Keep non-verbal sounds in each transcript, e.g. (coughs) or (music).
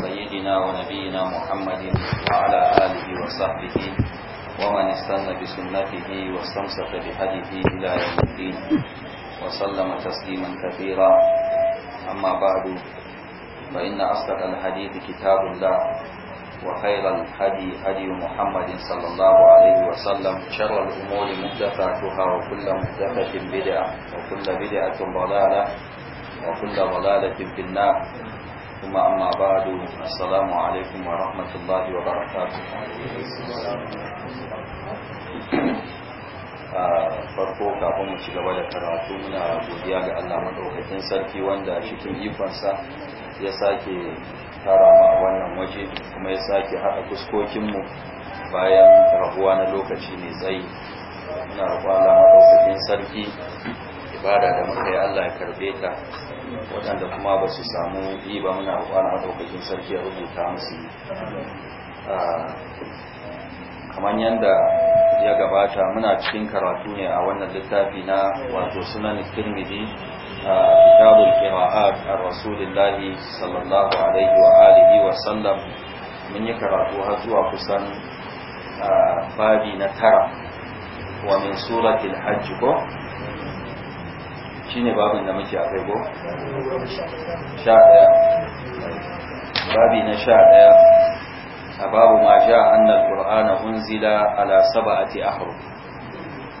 سيدنا ونبينا محمد وعلى آله وصحبه ومن استنى بسنته واستمسك بهديه إلى يوم الدين وسلم تسليما كثيرا أما بعد فإن أصدق الحديث كتاب الله وخير الهدي هدي محمد صلى الله عليه وسلم شر الأمور محدثاتها وكل محدثة بدعة وكل بدعة ضلالة وكل ضلالة في النار ثم أما بعد السلام عليكم ورحمة الله وبركاته farko kafin mu ci gaba da karatu muna godiya ga Allah madaukakin sarki wanda cikin ikonsa ya sake tara ma a wannan waje kuma ya sake haɗa fuskokinmu bayan rahuwa na lokaci mai tsayi muna roƙon maɗaukakin sarki ibada da muka yi Allah ya karbe ta waɗanda kuma ba su samu yi ba muna na maɗaukakin sarki ya rubuta musu ah, kamar yadda ya gabata muna cikin karatu ne a wannan littafi na wato sunan tirmidhi كتاب القراءات عن رسول الله صلى الله عليه وآله وسلم من يقرأ وهزوا كسان بابي نترى ومن سورة الحج shine babin da muke akwai ko? sha ɗaya babi sha ɗaya a babu ma sha annal ƙur'ana hunzila ala saba'ati ahru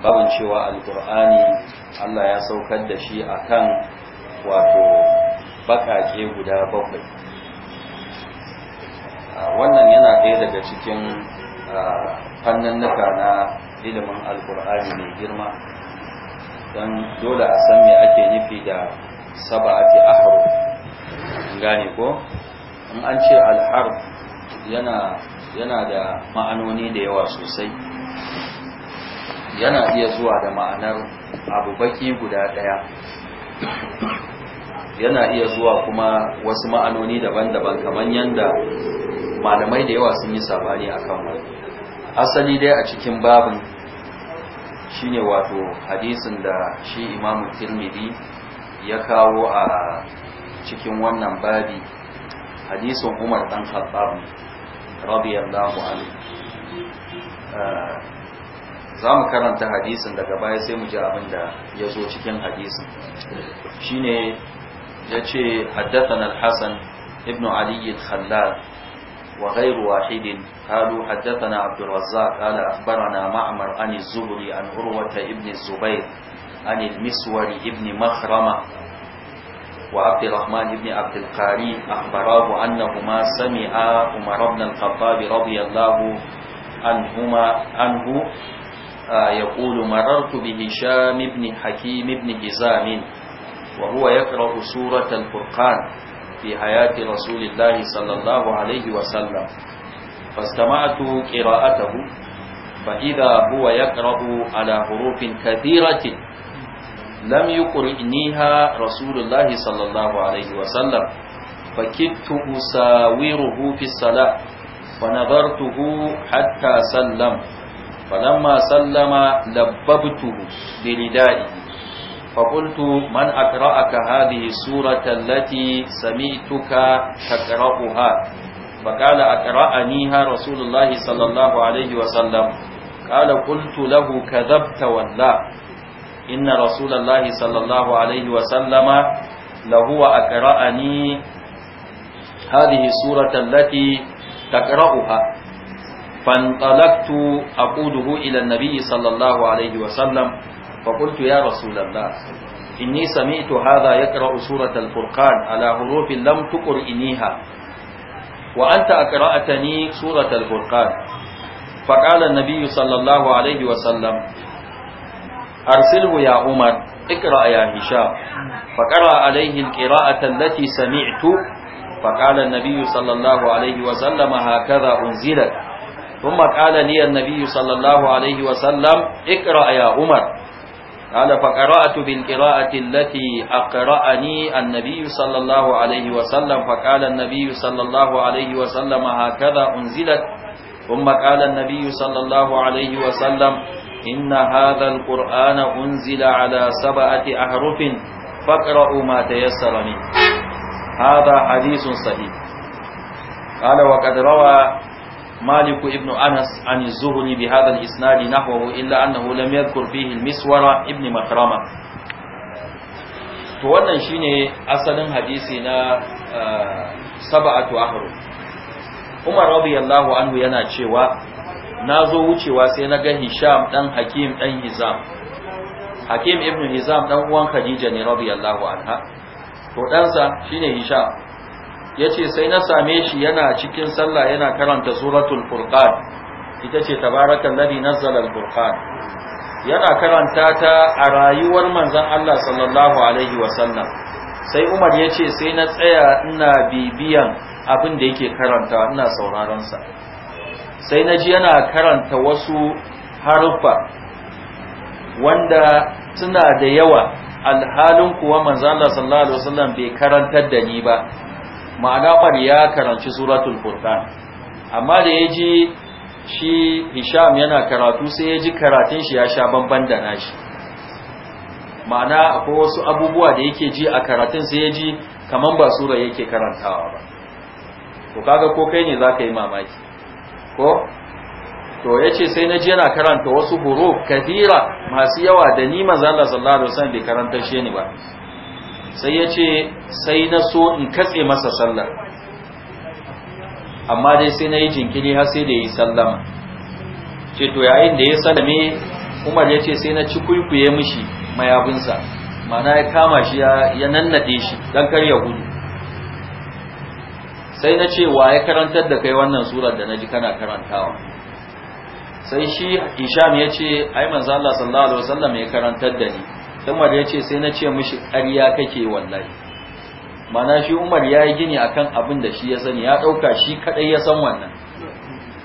babin cewa alkur'ani Allah ya saukar da shi akan wato bakake guda bakwai ah, wannan yana ɗaya daga cikin ah, nuka na ilimin alkur'ani mai girma don dole a san me ake nufi da saba'ati ahru gane ko an ce alharf yana da ma'anoni da yawa sosai yana iya zuwa da ma'anar abu baki guda ɗaya yana iya zuwa kuma wasu ma'anoni daban-daban kamar yadda malamai da yawa sun yi sabani a kan wani asali dai a cikin babin shine wato hadisin da shi imamu tilmidi ya kawo a cikin wannan babi hadisin umar ɗan khattab radiyallahu anhu eh, za mu karanta hadisin daga baya sai mu ji abin da ya zo cikin hadisin shine ya ce haddathan al-hasan ibn ali al-khallal wa ghayr wahidin qalu haddathana abd al-razzaq qala akhbarana ma'mar an az zubri an urwata ibn az-zubayr an al-miswari ibn makhrama وعبد الرحمن بن عبد القاري أخبراه Annahuma sami'a عمر بن الخطاب رضي الله عنهما آه، يقول مررت بهشام بن حكيم بن هزام وهو يقرأ سورة الفرقان في حياة رسول الله صلى الله عليه وسلم فاستمعت قراءته فإذا هو يقرأ على حروف كثيرة لم يقرئنيها رسول الله صلى الله عليه وسلم فكدت أساوره في الصلاة فنظرته حتى سلم falamma sallama labbabtuhu bi ridaihi فقلت من أقرأك هذه السورة التي سمعتك تقرأها فقال أقرأنيها رسول الله صلى الله عليه وسلم قال قلت له كذبت والله إن رسول الله صلى الله عليه وسلم لهو أقرأني هذه السورة التي تقرأها فانطلقت أقوده إلى النبي صلى الله عليه وسلم فقلت يا رسول الله إني سمعت هذا يقرأ سورة الفرقان على حروف لم تقرئنيها وأنت أقرأتني سورة الفرقان فقال النبي صلى الله عليه وسلم أرسله يا عمر اقرأ يا هشام فقرأ عليه القراءة التي سمعت فقال النبي صلى الله عليه وسلم هكذا أنزلت ثم قال لي النبي صلى الله عليه وسلم اقرأ يا عمر قال فقرأت بالقراءة التي أقرأني النبي صلى الله عليه وسلم فقال النبي صلى الله عليه وسلم هكذا أنزلت ثم قال النبي صلى الله عليه وسلم إن هذا القرآن أنزل على سبعة أحرف فاقرأوا ما تيسر منه هذا حديث صحيح قال وقد روى مالك ابن أنس عن الزهري بهذا الإسناد نحوه إلا أنه لم يذكر فيه المسورة ابن مكرمة to wannan shine asalin hadisi na uh, sab'atu ahru Umar radiyallahu anhu yana cewa nazo wucewa sai na ga Hisham dan Hakim dan Hizam Hakim ibn Hizam dan uwan Khadija ne radiyallahu anha to dan sa shine Hisham Ya ce sai na same shi yana cikin sallah yana karanta suratul furqan ita ce tabarakallazi nazzala al-furqan yana karanta ta a rayuwar manzon Allah sallallahu alaihi wasallam sai Umar ya ce sai na tsaya ina bibiyan abin da yake karanta ina sauraron sa sai naji yana karanta wasu harufa wanda suna da yawa alhalin kuwa manzon Allah sallallahu alaihi wasallam bai karantar da ni ba ma'ana bar ya karanci suratul furqan amma da ya ji shi hisham yana karatu sai ya ji karatun shi ya sha banban da nashi ma'ana akwai wasu abubuwa da yake ji a karatun sai ya ji kaman ba sura yake karantawa ba to kaga ko kai ne zaka yi mamaki ko to yace sai na ji yana karanta wasu huruf kadira masu yawa da ni manzo Allah sallallahu alaihi wasallam bai karanta shi ne ba sai ya ce sai na so in katse masa sallar amma dai sai na yi jinkiri har sai da yi sallama ce to yayin da ya sallame umar ya ce sai na ci kwikwiye mishi mayabinsa mana ya kama shi ya nannade shi don kar ya gudu sai na ce wa ya karantar da kai wannan surar da na ji kana karantawa sai shi isham ya ce ai manzo Allah sallallahu alaihi wasallam ya karantar da ni umar ya ce sai na ce mishi ƙarya kake wallahi mana shi umar ya yi gini akan abin da shi ya sani ya ɗauka shi kaɗai ya san wannan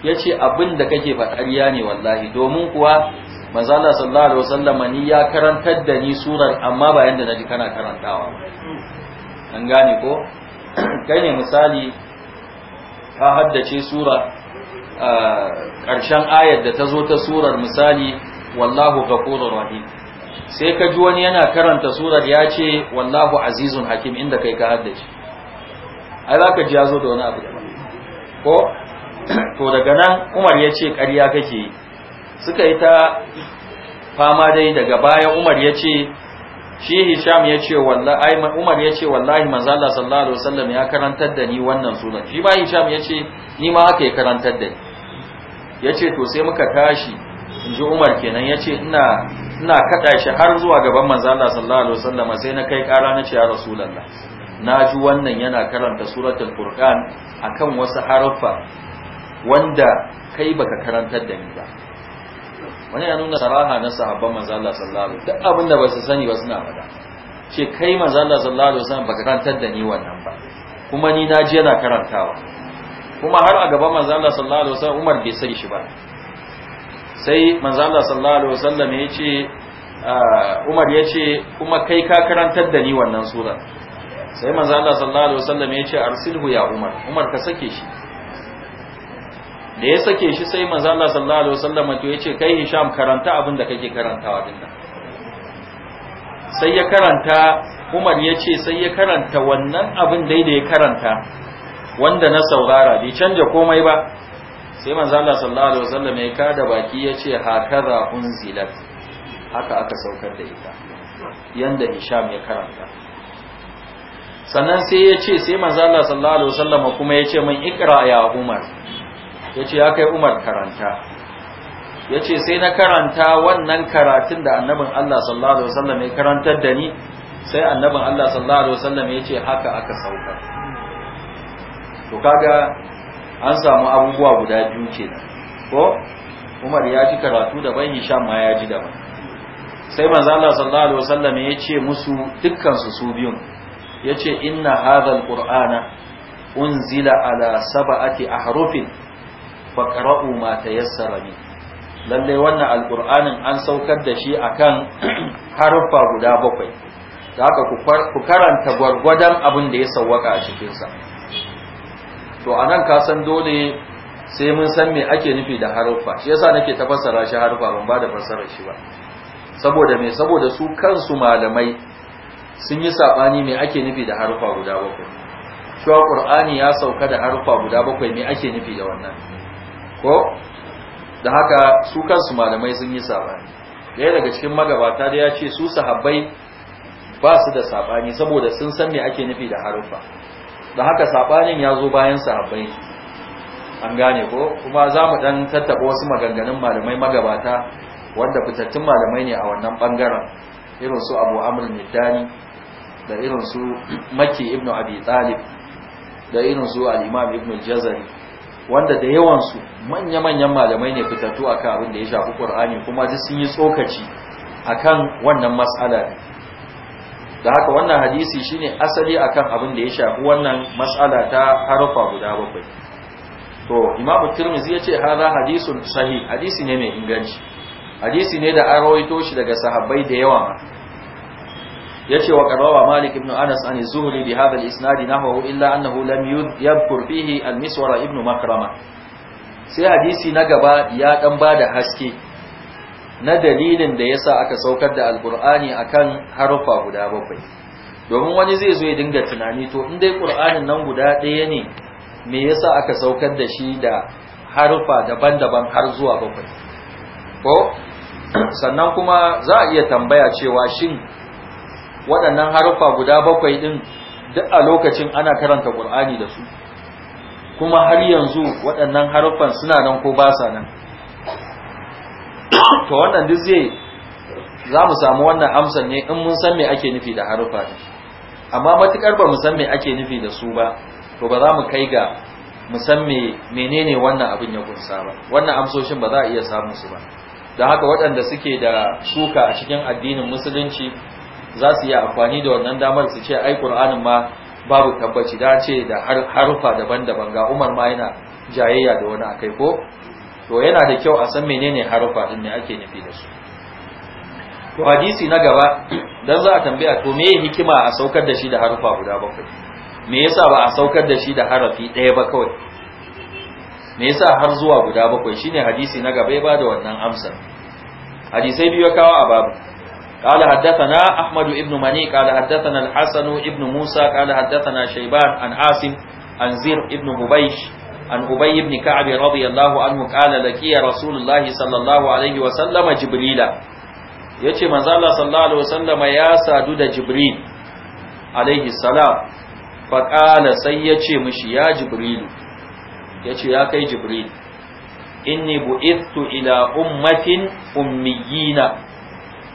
ya ce abin da kake ba ƙarya ne wallahi domin kuwa manzala sallallahu alaihi wasallam ni ya karantar da ni surar amma ba yanda naji kana karantawa an gane ko (clears throat) kai ne misali ka haddace sura ah, ƙarshen ayar da ta zo ta surar misali wallahu ghafurur rahim sai ka ji wani yana karanta surar ya ce wallahu azizun hakim inda kai ka haddace ai za ka ji ya da wani abu ko (clears throat) to daga nan umar ya ce ƙarya kake yi suka yi ta fama dai daga baya umar ya ce shi hisham ya ce wallahi umar ya ce wallahi manzo Allah sallallahu alaihi wasallam ya karantar da ni wannan sunan shi ba hisham ya ce ni ma aka yi karantar da ni ya ce to sai muka tashi in ji umar kenan ya ce ina ina kada shi har zuwa gaban manzo Allah sallallahu alaihi wasallam sai na kai kara na ce ya rasulullah na ji wannan yana karanta suratul qur'an akan wasu haruffa wanda kai baka karantar da ni ba wani ya nuna saraha na sahabban manzo Allah sallallahu alaihi wasallam duk abinda ba su sani ba suna faɗa ce kai manzo Allah sallallahu alaihi wasallam baka karantar da ni wannan ba kuma ni na ji yana karantawa kuma har a gaban manzo Allah sallallahu alaihi wasallam Umar bai sani shi ba sai manzo Allah sallallahu alaihi wasallam ya ce ah, Umar ya ce kuma kai ka karantar da ni wannan sura sai manzo Allah sallallahu alaihi wasallam ya ce arsilhu ya Umar Umar ka sake shi da ya sake shi sai manzo Allah sallallahu alaihi wasallam to ya ce kai Hisham karanta abin da kake karantawa din nan sai ya karanta Umar ya ce sai ya karanta wannan abin da ya karanta wanda na saurara bai canja komai ba sai manzo Allah sallallahu alaihi wasallam ya kada baki ya ce hakaza unzilat haka aka saukar da ita yanda Hisham ya karanta sannan sai ya ce sai manzo Allah sallallahu alaihi wasallam kuma ya ce min ikra ya Umar ya ce ya kai Umar karanta ya ce sai na karanta wannan karatun da annabin Allah sallallahu alaihi wasallam ya karantar da ni sai annabin Allah sallallahu alaihi wasallam ya ce haka aka saukar. to kaga an samu abubuwa guda biyu ko Umar ya ji karatu daban Hisham ma ya ji daban sai manzo Allah sallallahu alaihi wasallam ya ce musu dukkan su su biyun yace inna hadha alqur'ana unzila ala sab'ati ahrufin faqra'u ma tayassara min lalle wannan alqur'anin an saukar da shi akan (clears throat) haruffa guda bakwai da haka ku karanta gwargwadon abin da ya sawwaka a cikin sa to anan nan kasan dole sai mun san me ake nufi da haruffa shi yasa nake tafasara shi haruffa ban ba da fassarar shi ba saboda me saboda su kansu malamai sun yi sabani me ake nufi da haruffa guda bakwai cewa qur'ani ya sauka da haruffa guda bakwai me ake nufi da wannan ko da haka su kansu malamai sun yi sabani daya daga cikin magabata da ya ce su sahabbai ba su da sabani saboda sun san me ake nufi da haruffa da haka sabanin ya zo bayan sahabbai an gane ko kuma za mu dan tattaba wasu maganganun malamai magabata wanda fitattun malamai ne a wannan bangaren irin su abu amr middani da irin su maki Ibn abi talib da irin su al-imam jazari wanda da yawan su manya-manyan malamai ne fitattu akan abin da ya shafi qur'ani kuma duk sun yi tsokaci akan wannan mas'ala da haka wannan hadisi shine asali akan abin da ya shafi wannan mas'ala ta harfa guda bakwai to imam tirmizi yace ce hadha hadisun sahih hadisi ne mai inganci hadisi ne da an rawaito shi daga sahabbai da yawa yace wa qarawa malik ibn anas an zuhri bi hadha al-isnad illa annahu lam yadhkur fihi al-miswara ibn makrama sai hadisi na gaba ya dan bada haske na dalilin da yasa aka saukar da alqur'ani akan harufa guda bakwai domin wani zai zo ya dinga tunani to in dai qur'anin nan guda ɗaya ne me yasa aka saukar da shi da harufa daban-daban har zuwa bakwai ko (clears throat) sannan kuma za a iya tambaya cewa shin waɗannan harufa guda bakwai ɗin duk a lokacin ana karanta ƙur'ani da su kuma har yanzu waɗannan haruffan suna nan ko ba sa nan to wannan duk zai za mu samu wannan amsar ne in mun san me ake nufi da harufa ne amma matukar ba mu san me ake nufi da su ba to ba za mu kai ga mu san me menene wannan abin ya kunsa ba wannan amsoshin ba za a iya samun su ba da haka waɗanda suke da shuka a cikin addinin musulunci za su yi amfani da wannan damar su ce ai qur'anin ma babu tabbaci da ce da harufa daban-daban ga umar ma yana jayayya da wani akai ko to yana da kyau a san menene harufa din ne ake nufi da su to hadisi na gaba dan za a tambaya to me hikima a saukar da shi da harufa guda bakwai me yasa ba a saukar da shi da harafi ɗaya ba kawai me yasa har zuwa guda bakwai shine hadisi na gaba ya bada wannan amsa hadisai biyu kawo a babu قال حدثنا أحمد بن مني قال حدثنا الحسن بن موسى قال حدثنا شيبان عن عاصم عن زير بن مبيش an ubay ibn ka'ab radiyallahu anhu qala laqiya rasulullah sallallahu alaihi wa sallama jibrila yace manzo Allah sallallahu alaihi wa sallama ya sadu da jibril alaihi salam fa sai yace mishi ya jibril yace ya kai jibril inni bu'ithtu ila ummatin ummiyina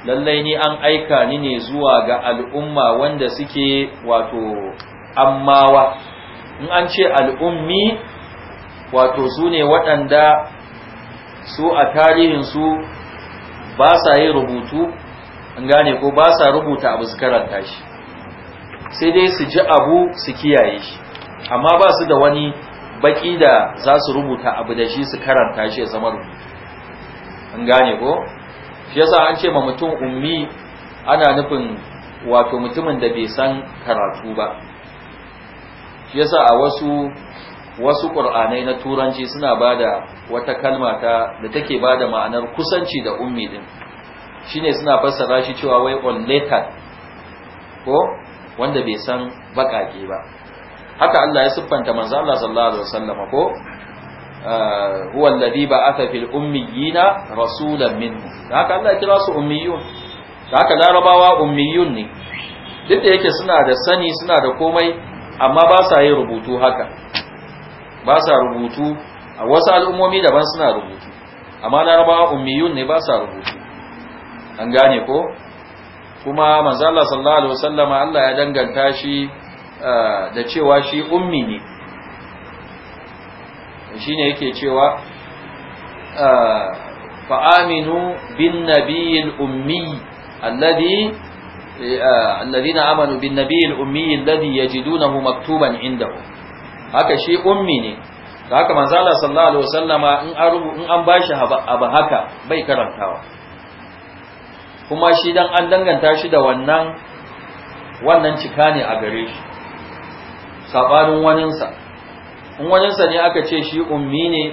lallai ni an aika ni ne zuwa ga al'umma wanda suke wato ammawa in an ce al'ummi wato su ne waɗanda su a tarihinsu ba sa yi rubutu an gane ko ba sa rubuta abu su karanta shi sai dai su ji abu su kiyaye shi amma ba su da wani baki da za su rubuta abu da shi su karanta shi ya zama rubutu an gane ko shi yasa an ce ma mutum ummi ana nufin wato mutumin da bai san karatu ba shi yasa a wasu wasu ƙur'anai na turanci suna ba da wata kalma ta da take ba da ma'anar kusanci da ummi din shine suna fassara shi cewa wai unlettered ko wanda bai san baƙaƙe ba haka Allah ya siffanta manzo Allah sallallahu alaihi wasallam ko ah, huwa alladhi ba'atha fil ummiyina rasulan minhu haka Allah ya kira su ummiyun haka larabawa ummiyun ne duk da yake suna da sani suna da komai amma ba sa yin rubutu haka ba sa rubutu a wasu al'ummomi daban suna rubutu amma larabawa ummiyun ne ba sa rubutu an gane ko kuma manzala Allah sallallahu alaihi wasallama Allah ya danganta shi da cewa shi ummi ne shine yake cewa fa'aminu aminu bin nabiyil ummi alladhi alladhina amanu bin nabiyil ummi alladhi yajidunahu maktuban inda!" haka shi ummi ne da haka manzala sallallahu alaihi wasallama in an in an bashi abu haka bai karantawa kuma shi dan an danganta shi da wannan wannan cika ne a gare shi sabanin waninsa in waninsa ne aka ce shi ummi ne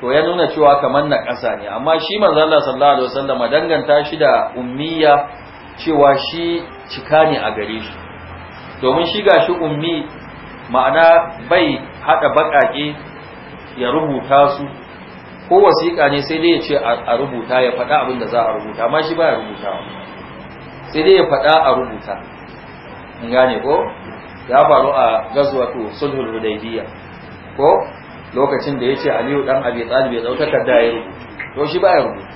to ya nuna cewa kamar na ƙasa ne amma shi manzala sallallahu alaihi wasallama danganta shi da ummiya cewa shi cika ne a gare shi domin shi shi ummi ma'ana bai hada baƙaƙe ya rubuta su ko wasiƙa ne sai dai ya ce a rubuta ya faɗa abin da za a rubuta amma shi baya rubutawa sai dai ya faɗa a rubuta in gane ko ya faru a gazwatu sulhul hudaybiyya ko lokacin da yace Aliyu dan Abi Talib ya dauka takarda ya rubuta to shi baya rubuta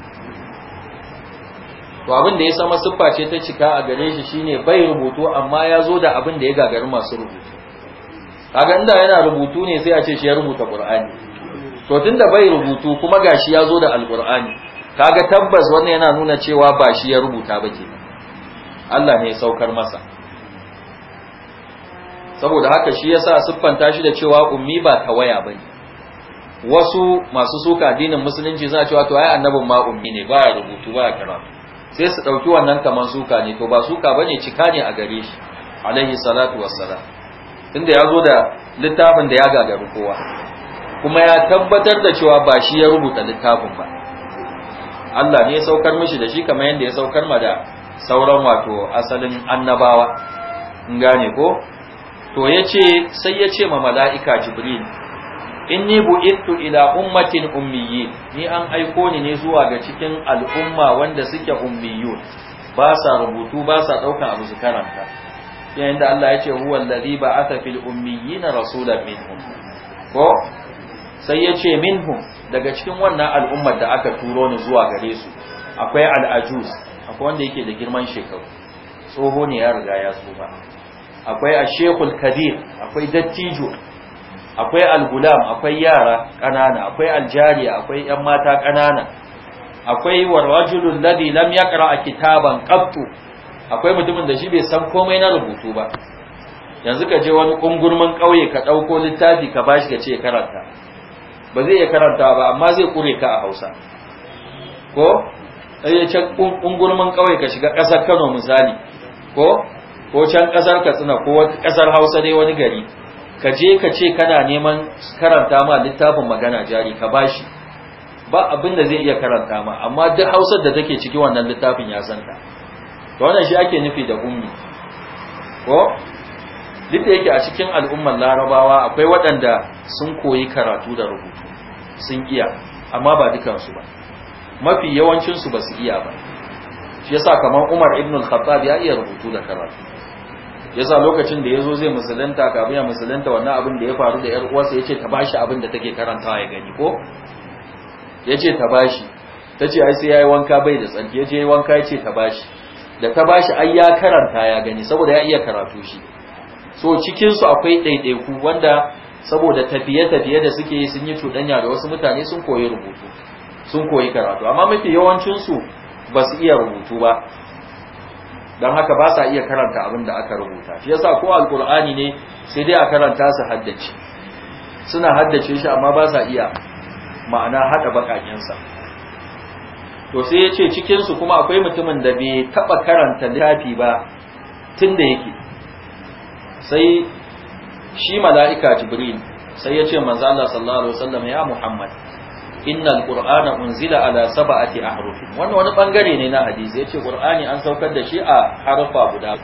to abin da ya sama siffa ce ta cika a gare shi shine bai rubutu amma ya zo da abin da ya gagarin masu rubutu kaga inda yana rubutu ne sai a ce shi ya rubuta qur'ani to tunda bai rubutu kuma gashi ya zo da alqur'ani kaga tabbas wannan yana nuna cewa ba shi ya rubuta ba kenan Allah ne ya saukar masa saboda haka shi yasa siffanta shi da cewa ummi ba tawaya bane wasu masu suka addinin musulunci suna cewa to ai annabin ma ummi ne ba rubutu ba karatu sai su dauki wannan kaman suka ne to ba suka bane cika ne a gare shi alaihi salatu wassalam tunda ya zo da littafin da ya gagari kowa kuma ya tabbatar da cewa ba shi ya rubuta littafin ba Allah ne ya saukar mishi da shi kamar yadda ya saukar ma da sauran wato asalin annabawa in gane ko to yace sai ya ce ma mala'ika jibril inni bu'ittu ila ummatin ummiyyin ni an aiko ni ne zuwa ga cikin al'umma wanda suke ummiyu ba sa rubutu ba sa daukan abu su karanta yayin da Allah ya ce huwa allazi ba'atha fil ummiyina rasulan minhum ko sai ya ce minhum daga cikin wannan al'ummar da aka turo ni zuwa gare su akwai al'ajuz akwai wanda yake da girman shekaru tsoho ne ya riga ya tsufa akwai ashekul kabir akwai dattijo akwai algulam akwai yara ƙanana akwai aljariya akwai ‘yan mata ƙanana akwai warwajulun ladi lam ya ƙara kitaban ƙabtu akwai mutumin da shi bai san komai na rubutu ba yanzu ka je wani kungurman ƙauye ka ɗauko littafi ka bashi ka ce karanta ba zai iya karanta ba amma zai kure ka a hausa ko ya can kungurman ƙauye ka shiga ƙasar kano misali ko ko can ƙasar katsina ko wata ƙasar hausa dai wani gari ka je ka ce kana neman karanta ma littafin magana jari ka bashi ba abin da zai iya karanta ma amma duk hausar da take ciki wannan littafin ya santa to wannan shi ake nufi da ummi ko duk da yake a cikin al'ummar larabawa akwai waɗanda sun koyi karatu da rubutu sun iya amma ba dukansu ba mafi yawancinsu ba su iya ba shi yasa kamar umar ibn al-khattab ya iya rubutu da karatu yasa lokacin da yazo zai musulunta ka ya musulunta wannan abin da ya faru da yar uwarsa yace ta bashi abin da take karantawa ya gani ko yace ta bashi tace ai sai yayi wanka bai da tsanki yace yayi wanka yace ta bashi da ka bashi ai ya karanta ya gani saboda ya iya karatu shi so cikin su akwai ɗaiɗaiku wanda saboda tafiye-tafiye da suke yi sun yi cuɗanya da wasu mutane sun koyi rubutu sun koyi karatu amma mafi yawancin su ba su iya rubutu ba don haka ba sa iya karanta abin da aka rubuta shi yasa ko alkur'ani ne sai dai a karanta su haddace suna haddace shi amma ba sa iya ma'ana haɗa baƙaƙensa. to sai ya ce cikinsu kuma akwai mutumin da bai taɓa karanta littafi ba tun da yake sai shi mala'ika jibril sai ya ce manzo Allah sallallahu alaihi wasallam ya Muhammad innal qur'ana unzila ala sab'ati ahrufin wannan wani bangare ne na hadisi yace qur'ani an saukar da shi a harfa guda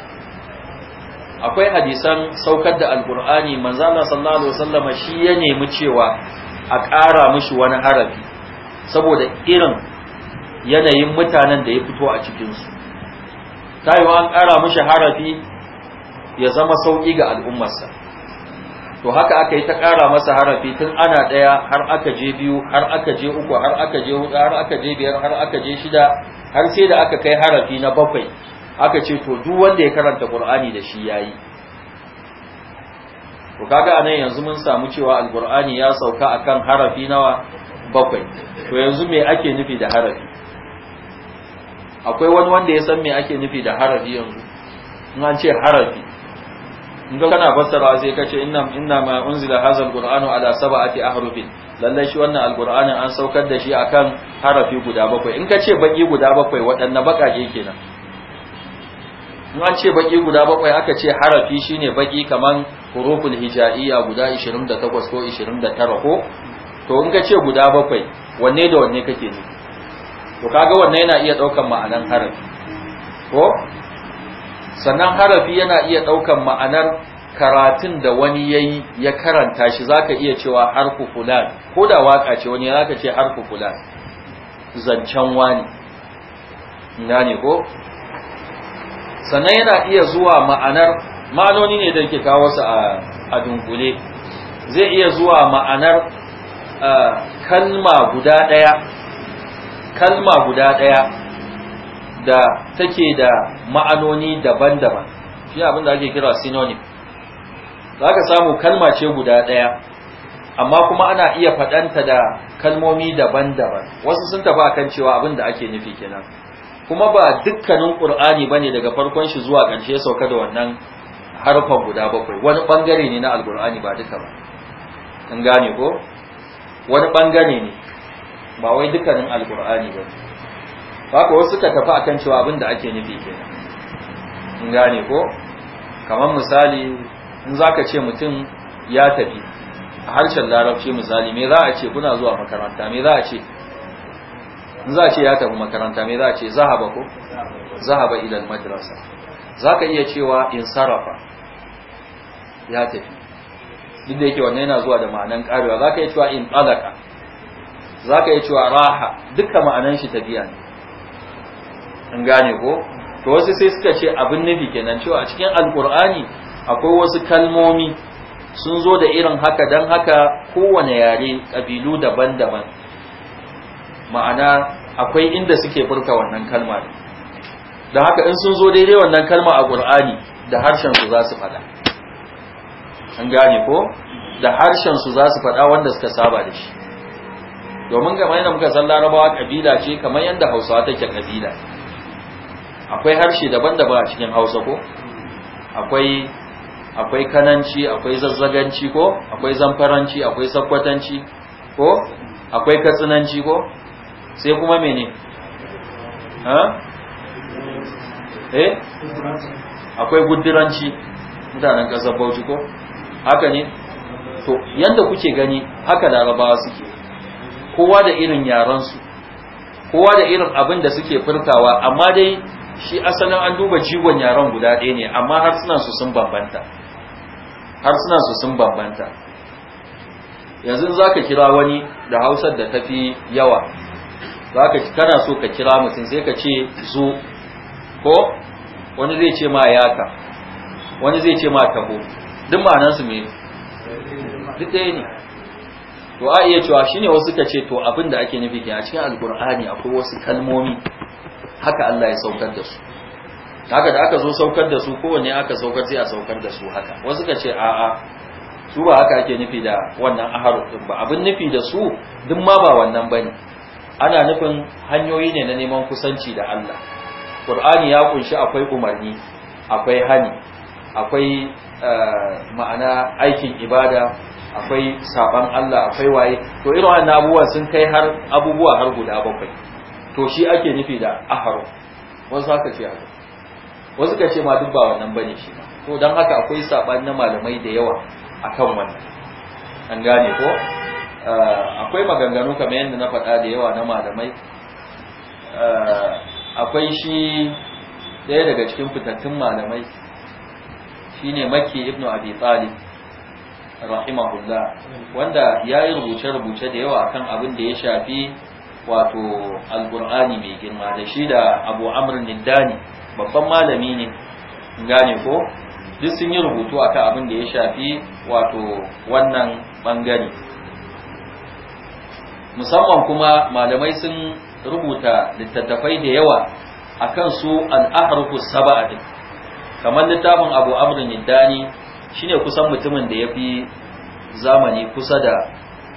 akwai hadisan saukar da alqur'ani manzo Allah sallallahu alaihi wasallam shi ya nemi cewa a ƙara mishi wani harafi saboda irin yanayin mutanen da ya fito a cikinsu ta yi an ƙara mashi harafi ya zama sauƙi ga al'ummarsa to haka aka yi ta ƙara masa harafi tun ana ɗaya har aka je biyu har aka je uku har aka je hudu har aka je biyar har aka je shida har sai da aka kai harafi na bakwai aka ce to duk wanda ya karanta ƙur'ani da shi ya yi to kaga anan yanzu mun samu cewa Alkur'ani ya sauka akan harafi nawa bakwai to yanzu me ake nufi da harafi akwai wani wanda ya san me ake nufi da harafi yanzu in an ce harafi in ga kana fassara sai ka ce inna inna ma unzila hadha alqur'anu ala sab'ati ahrufin lalle shi wannan alqur'anin an saukar da shi akan harafi guda bakwai in ka ce baki guda bakwai waɗanne bakake kenan in an ce baki guda bakwai aka ce harafi shine baki kaman huruful hijaiya guda 28 ko 29 ko to in ka ce guda bakwai wanne da wanne kake nufi to kaga wannan yana iya ɗaukan ma'anar harafi ko sannan harafi yana iya ɗaukan ma'anar karatun da wani yayi ya karanta shi zaka iya cewa harfu fulan ko da waka ce wani zaka ce harfu fulan zancen wani ne ko sannan yana iya zuwa ma'anar ma'anoni ne da yake kawo su a dunkule zai iya zuwa ma'anar eh, kalma guda ɗaya kalma guda ɗaya da take da ma'anoni daban-daban shi abin da ake kira synonym za ka samu kalma ce guda ɗaya amma kuma ana iya faɗanta da kalmomi daban-daban wasu sun tafi a kan cewa abin da ake nufi kenan kuma ba dukkanin ƙur'ani ba ne daga farkon shi zuwa ƙarshe sauka da wannan harfan guda bakwai wani ɓangare ne na alƙur'ani ba duka ba an gane ko wani ɓangare ne ba wai dukkanin alkur'ani ba haka wasu suka tafi akan cewa abin da ake nufi ke in gane ko kamar misali in zaka ce mutum ya tafi a harshen larabci misali me za a ce kuna zuwa makaranta me za a ce in za a ce ya tafi makaranta me za a ce zahaba ko zahaba ilal madrasa zaka iya cewa in sarafa ya tafi duk da yake wannan yana zuwa da ma'anan karewa ka iya cewa in talaka za ka yi cewa raha duka ma'anan shi tafiya ne an gane ko to wasu sai suka ce abin nufi kenan cewa a cikin alkur'ani akwai wasu kalmomi sun zo da irin haka don haka kowane yare ƙabilu daban-daban ma'ana akwai inda suke furta wannan kalma don haka in sun zo daidai wannan kalma a ƙur'ani da harshen su za su faɗa an gane ko da harshen su za su faɗa wanda suka saba da shi domin ga da muka san larabawa kabila ce kamar yadda hausawa take kabila akwai harshe daban-daban a cikin hausa ko akwai akwai kananci akwai zazzaganci ko akwai zamfaranci akwai sakwatanci ko akwai katsinanci ko sai kuma mene ha eh akwai gudiranci mutanen ƙasar bauchi ko haka ne to yanda kuke gani haka larabawa suke kowa da irin yarensu kowa da irin abin da suke furtawa amma dai shi asalin an duba jigon yaren guda ɗaya ne amma harsunansu sun bambanta harsunansu sun bambanta yanzu za ka kira wani da hausar da tafi yawa za ka kana so ka kira mutum sai ka ce zo ko wani zai ce ma yaka wani zai ce ma taho duk ma'anansu me duk ɗaya ne to a iya cewa shine wasu ka ce to abin da ake nufi ke a cikin alkur'ani akwai wasu kalmomi haka Allah ya saukar da su haka da aka zo saukar da su kowanne aka saukar sai a saukar da su haka wasu ka ce a'a su ba haka ake nufi da wannan aharu din ba abin nufi da su duk ma ba wannan bane ana nufin hanyoyi ne na neman kusanci da Allah Qur'ani ya kunshi akwai umarni akwai hani akwai eh, ma'ana aikin ibada akwai saban Allah akwai waye to irin wannan abubuwa sun kai har abubuwa har guda bakwai to shi ake nufi da aharu wasu ka ce haka wasu ka ce ma duk ba wannan bane shi to dan haka akwai saban na malamai da yawa akan wannan an gane ko eh, akwai maganganu kamar yadda na faɗa da yawa na malamai eh, akwai shi ɗaya daga cikin fitattun malamai shine maki ibnu abi talib rahimahullah wanda ya yi rubuce-rubuce da yawa kan abin da ya shafi wato alkur'ani mai girma da shi da abu amrin nidani babban malami ne gane ko duk sun yi rubutu akan abin da ya shafi wato wannan bangare musamman kuma malamai sun rubuta littattafai da yawa akan su al'ahrufu saba'a kamar littafin abu amrin nidani shine kusan mutumin da ya fi zamani kusa da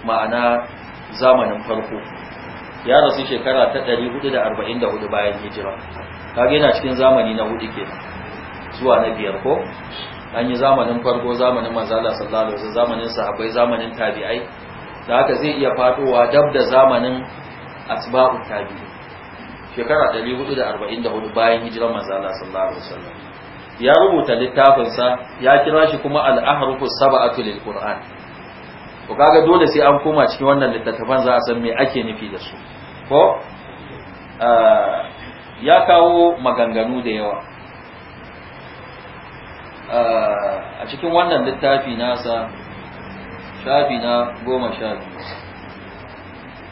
ma'ana zamanin farko ya rasu shekara ta 444 bayan hijira kage yana cikin zamani na hudu ke zuwa na biyar ko an yi zamanin farko zamanin manzala sallallahu alaihi wasallam zamanin sahabbai zamanin tabi'ai da haka zai iya faduwa dab da zamanin asbabu tabi'i shekara 444 bayan hijira manzala sallallahu alaihi wasallam ya rubuta littafinsa ya kira shi kuma al'ahrufu sab'atu lil qur'an to kaga dole sai an koma cikin wannan littattafan za a san me ake nufi da su ko ah, ya kawo maganganu da yawa ah, a cikin wannan littafi nasa shafi na goma sha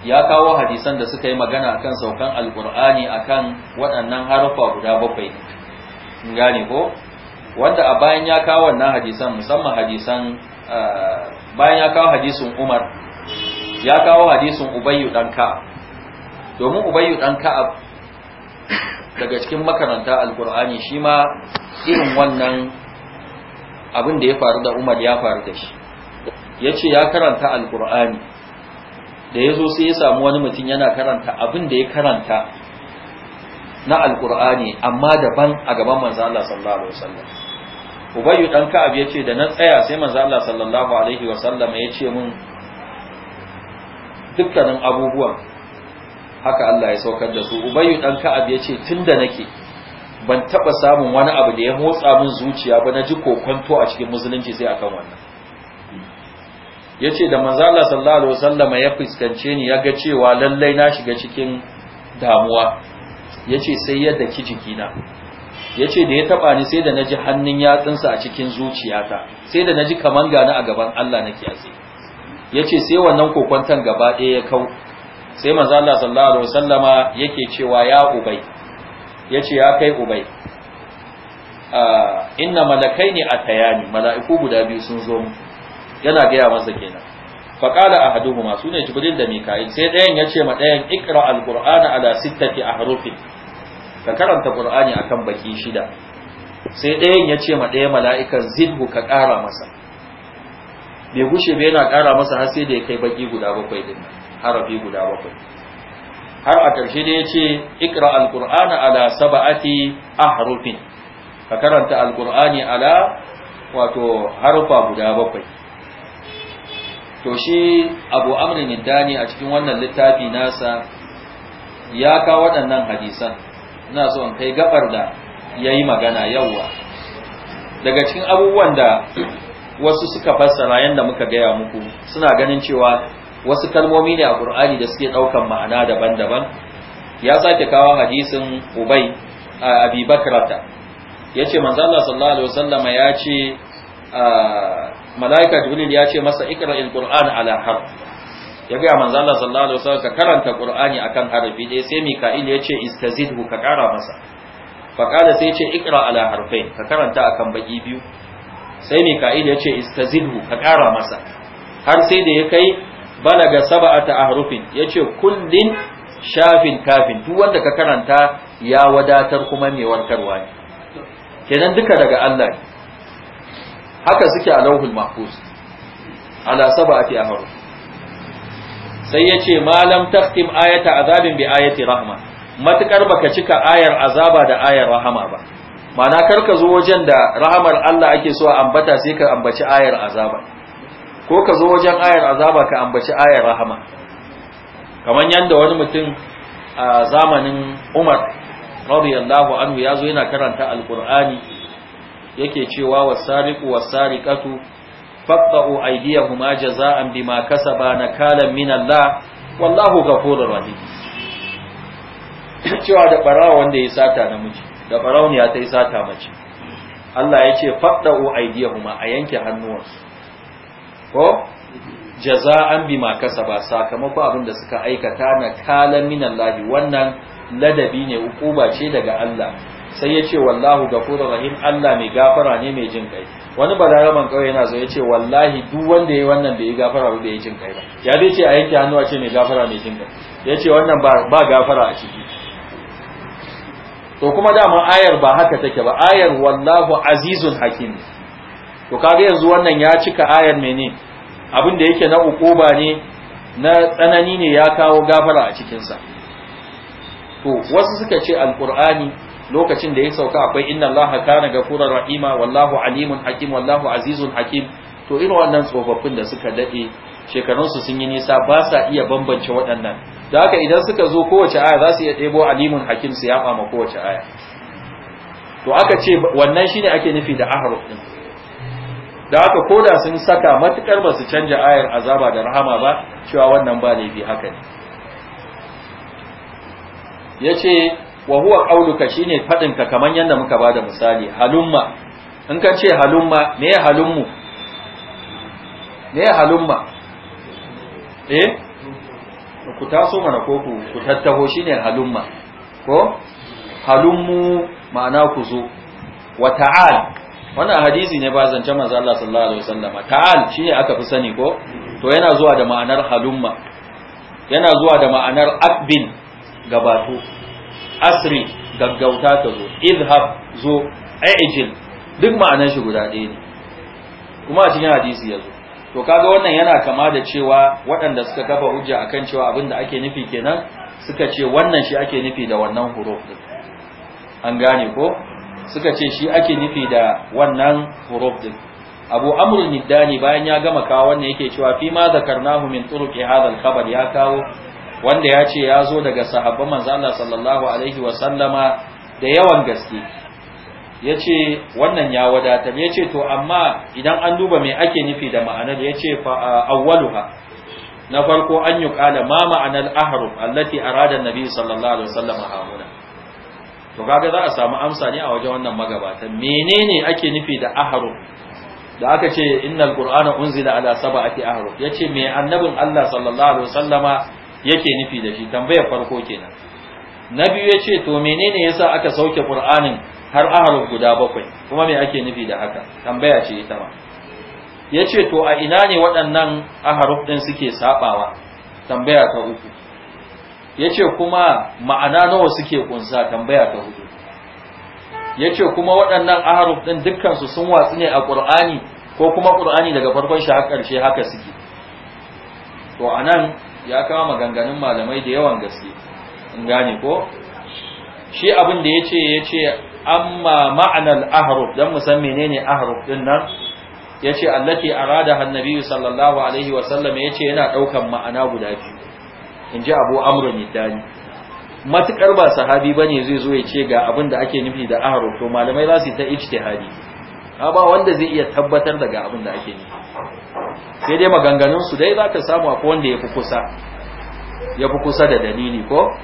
ya kawo hadisan da suka yi magana akan saukan alkur'ani akan waɗannan harfa guda bakwai gane ko wanda a bayan ya kawo wannan hadisan musamman hadisan ah, bayan ya kawo hadisin Umar ya kawo hadisin Ubayyu dan Ka'ab domin Ubayyu dan Ka'ab (coughs) daga cikin makaranta alkur'ani shi ma irin wannan abin da ya faru da Umar ya faru da shi yace ya karanta alkur'ani da yazo sai ya samu wani mutum yana karanta abin da ya karanta na alkur'ani amma daban a gaban manzo Allah sallallahu alaihi wasallam ubayyu dan ka'ab yace da na tsaya sai manzo Allah sallallahu alaihi wasallam yace mun dukkanin abubuwan haka Allah ya saukar da su ubayyu dan ka'ab yace tunda nake ban taba samun wani abu da ya motsa min zuciya ba na ji kokonto a cikin musulunci sai akan wannan yace da manzo Allah sallallahu alaihi wasallam ya fuskance ni ya ga cewa lallai na shiga cikin damuwa ya ce sai yadda ki jikina ya ce da ya taɓa ni sai da na ji hannun yatsunsa a cikin zuciyata sai da na ji kaman gani a gaban Allah na kiyasi ya ce sai wannan kokwantan gaba ɗaya ya kau sai maza Allah sallallahu alaihi wasallama yake cewa ya ubai ya ce ya kai ubai inna malakai ne a tayani mala'iku guda biyu sun zo yana gaya masa kenan faƙala a haduhuma su ne jibril da mika'il sai ɗayan ya ce ma ɗayan ikra alƙur'ana ala sittati ahrufin ka karanta ƙur'ani akan baki shida sai ɗayan ya ce ma ɗaya mala'ikan zidhu ka ƙara masa bai gushe ba yana ƙara masa har sai da ya kai baki guda bakwai din harafi guda bakwai har a ƙarshe da ya ce ikra alƙur'ana ala saba'ati ahrufin ka karanta alƙur'ani ala wato harfa guda bakwai to shi abu amrin dani a cikin wannan littafi nasa ya ka waɗannan hadisan ina so in kai gabar da yayi magana yawa daga cikin abubuwan da wasu suka fassara yadda muka gaya muku suna ganin cewa wasu kalmomi ne a ƙur'ani da suke ɗaukan ma'ana daban-daban ya sake kawo hadisin ubai a abi bakrata ya ce Allah sallallahu alaihi wasallama ya ce ah, malaika jibril ya ce masa ikra qur'an ala harf ya ga manzo Allah sallallahu alaihi wasallam ka karanta qur'ani akan harfi dai sai mika'il ya ce istazidhu ka kara masa fa kala sai ya ce iqra ala harfain ka karanta akan baki biyu sai mika'il ya ce istazidhu ka kara masa har sai da ya kai balaga sab'ata ahrufin ce kullin shafin kafin duk wanda ka karanta ya wadatar kuma mai warkarwa ne kenan duka daga Allah ne haka suke a lauhul mahfuz ala saba sab'ati amru sai yace malam taqtim ayata azabin bi ayati rahma matukar baka cika ayar azaba da ayar rahama ba ma'ana karka zo wajen da rahamar Allah ake so a ambata sai ka ambaci ayar azaba ko ka zo wajen ayar azaba ka ambaci ayar rahama kamar yanda wani mutum a zamanin Umar radiyallahu anhu yazo yana karanta alqur'ani yake cewa wasariqu wasariqatu faqta'u aydiyahuma jaza'an bima kasaba nakalan min Allah wallahu ghafurur rahim (coughs) cewa da barawa wanda ya sata namiji da barauniya ta yi sata mace Allah ya ce faqta'u aydiyahuma a yanke hannuwansu ko jaza'an bima kasaba sakamakon abin da suka aikata nakalan min Allah wannan ladabi ne hukuma ce daga Allah sai ya ce wallahu gafurur rahim Allah mai gafara ne mai jin kai wani balaraman kauye yana zo ya ce wallahi duk wanda yayi wannan bai gafara ba bai jin kai ba ya dai ce a yanke hannu a ce mai gafara mai jin kai ya ce wannan ba gafara a ciki to kuma dama ayar ba haka take ba ayar wallahu azizun hakim to kaga yanzu wannan ya cika ayar mene abin da yake na ukuba ne na tsanani ne ya kawo gafara a cikinsa to wasu suka ce alqur'ani lokacin da ya sauka akwai inna allaha kana ghafurur rahima wallahu alimun hakim wallahu azizun hakim to irin wannan tsofaffin da suka dade shekarunsu sun yi nisa ba sa iya bambance waɗannan da haka idan suka zo kowace aya za su iya ɗebo alimun hakim su yafa ma kowace aya to aka ce wannan shine ake nufi da ahruf din da haka koda sun saka matukar ba su canja ayar azaba da rahama ba cewa wannan ba laifi haka ne yace wa huwa qauluka shine fadin ka kaman yanda muka bada misali halumma in ka ce halumma me ya halummu me ya halumma eh ku taso mana ko ku ku tattaho shine halumma ko halummu ma'ana ku zo wa ta'al wannan hadisi ne ba zance manzo Allah sallallahu alaihi wasallam ta'al shine aka fi sani ko to yana zuwa da ma'anar halumma yana zuwa da ma'anar aqbil gabato asri gaggauta ka zo idhab zo ajil duk ma'anar shi guda ɗaya ne kuma a cikin hadisi ya zo to kaga wannan yana kama da cewa waɗanda suka kafa hujja akan cewa abin da ake nufi kenan suka ce wannan shi ake nufi da wannan huruf din an gane ko suka ce shi ake nufi da wannan huruf din abu amrul niddani bayan ya gama kawo wannan yake cewa fi ma zakarnahu min turuqi hadha al-khabar ya kawo wanda ya ce ya zo daga sahabban manzo sallallahu alaihi wasallama da yawan gaske ya ce wannan ya wadatar ya ce to amma idan an duba mai ake nufi da ma'anar ya ce awwaluha na farko an yi kala ma ma'anar aharuf allati arada nabi sallallahu alaihi a hamuna to kaga za a samu amsa ne a wajen wannan magabata menene ake nufi da aharuf da aka ce innal qur'ana unzila ala sab'ati ahruf yace me annabin Allah sallallahu alaihi wasallama yake nufi da shi tambayar farko kenan na biyu ya ce to menene yasa aka sauke qur'anin har ahruf guda bakwai kuma me ake nufi da haka tambaya ce ita ma ya ce to a ina ne waɗannan aharuf ɗin suke saɓawa tambaya ta uku ya ce kuma ma'ana nawa suke kunsa tambaya ta hudu ya ce kuma waɗannan aharuf ɗin dukkansu sun watsu ne a ƙur'ani ko kuma ƙur'ani daga farkon shi har ƙarshe haka suke to a nan ya kawo maganganun malamai da yawan gaske in gane ko shi abin da yace yace amma ma'anar ahruf dan musan menene ahruf din nan yace allati arada annabi sallallahu alaihi wa sallam yace yana daukan ma'ana guda biyu In ji Abu Amr Niddani matukar ba sahabi bane zai zo ce ga abin da ake nufi da ahruf to malamai za su ta ijtihadi ba wanda zai iya tabbatar daga abin da ake nufi sai dai maganganun su dai zaka samu akwai wanda fi kusa Ya fi kusa da dalili ko